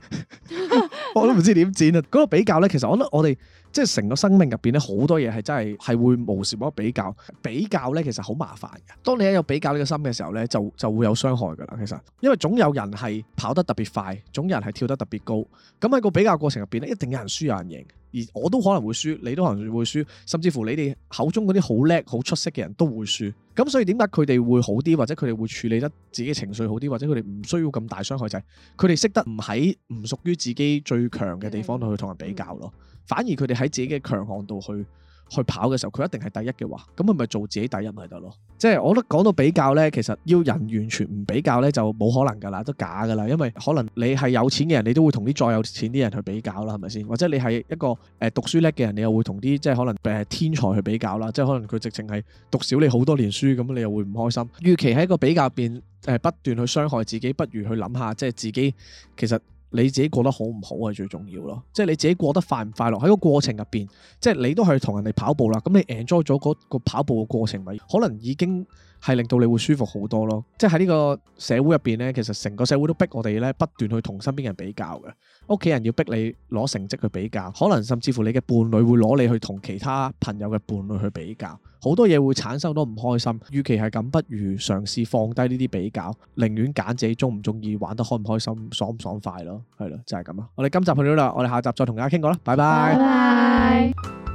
[LAUGHS] [LAUGHS] 我都唔知點剪啊！嗰個比較呢，其實我覺得我哋即係成個生命入邊呢，好多嘢係真係係會無時無刻比較。比較呢，其實好麻煩嘅。當你有比較呢個心嘅時候呢，就就會有傷害㗎啦。其實，因為總有人係跑得特別快，總有人係跳得特別高。咁喺個比較過程入邊呢，一定有人輸有人贏。而我都可能會輸，你都可能會輸，甚至乎你哋口中嗰啲好叻、好出色嘅人都會輸。咁所以點解佢哋會好啲，或者佢哋會處理得自己情緒好啲，或者佢哋唔需要咁大傷害，就係佢哋識得唔喺唔屬於自己最強嘅地方度去同人比較咯，反而佢哋喺自己嘅強項度去。去跑嘅時候，佢一定係第一嘅話，咁佢咪做自己第一咪得咯？即係我覺得講到比較呢，其實要人完全唔比較呢，就冇可能㗎啦，都假㗎啦。因為可能你係有錢嘅人，你都會同啲再有錢啲人去比較啦，係咪先？或者你係一個誒讀書叻嘅人，你又會同啲即係可能誒天才去比較啦。即係可能佢直情係讀少你好多年書，咁你又會唔開心。與其喺一個比較入邊誒不斷去傷害自己，不如去諗下即係自己其實。你自己過得好唔好係最重要咯，即係你自己過得快唔快樂，喺個過程入邊，即係你都係同人哋跑步啦，咁你 enjoy 咗嗰個跑步嘅過程咪，可能已經係令到你會舒服好多咯。即係喺呢個社會入邊呢，其實成個社會都逼我哋呢不斷去同身邊人比較嘅。屋企人要逼你攞成績去比較，可能甚至乎你嘅伴侶會攞你去同其他朋友嘅伴侶去比較，好多嘢會產生好多唔開心。與其係咁，不如嘗試放低呢啲比較，寧願揀自己中唔中意，玩得開唔開心，爽唔爽快咯，係咯，就係咁啊！我哋今集去到呢度，我哋下集再同大家傾過啦，拜拜。拜拜。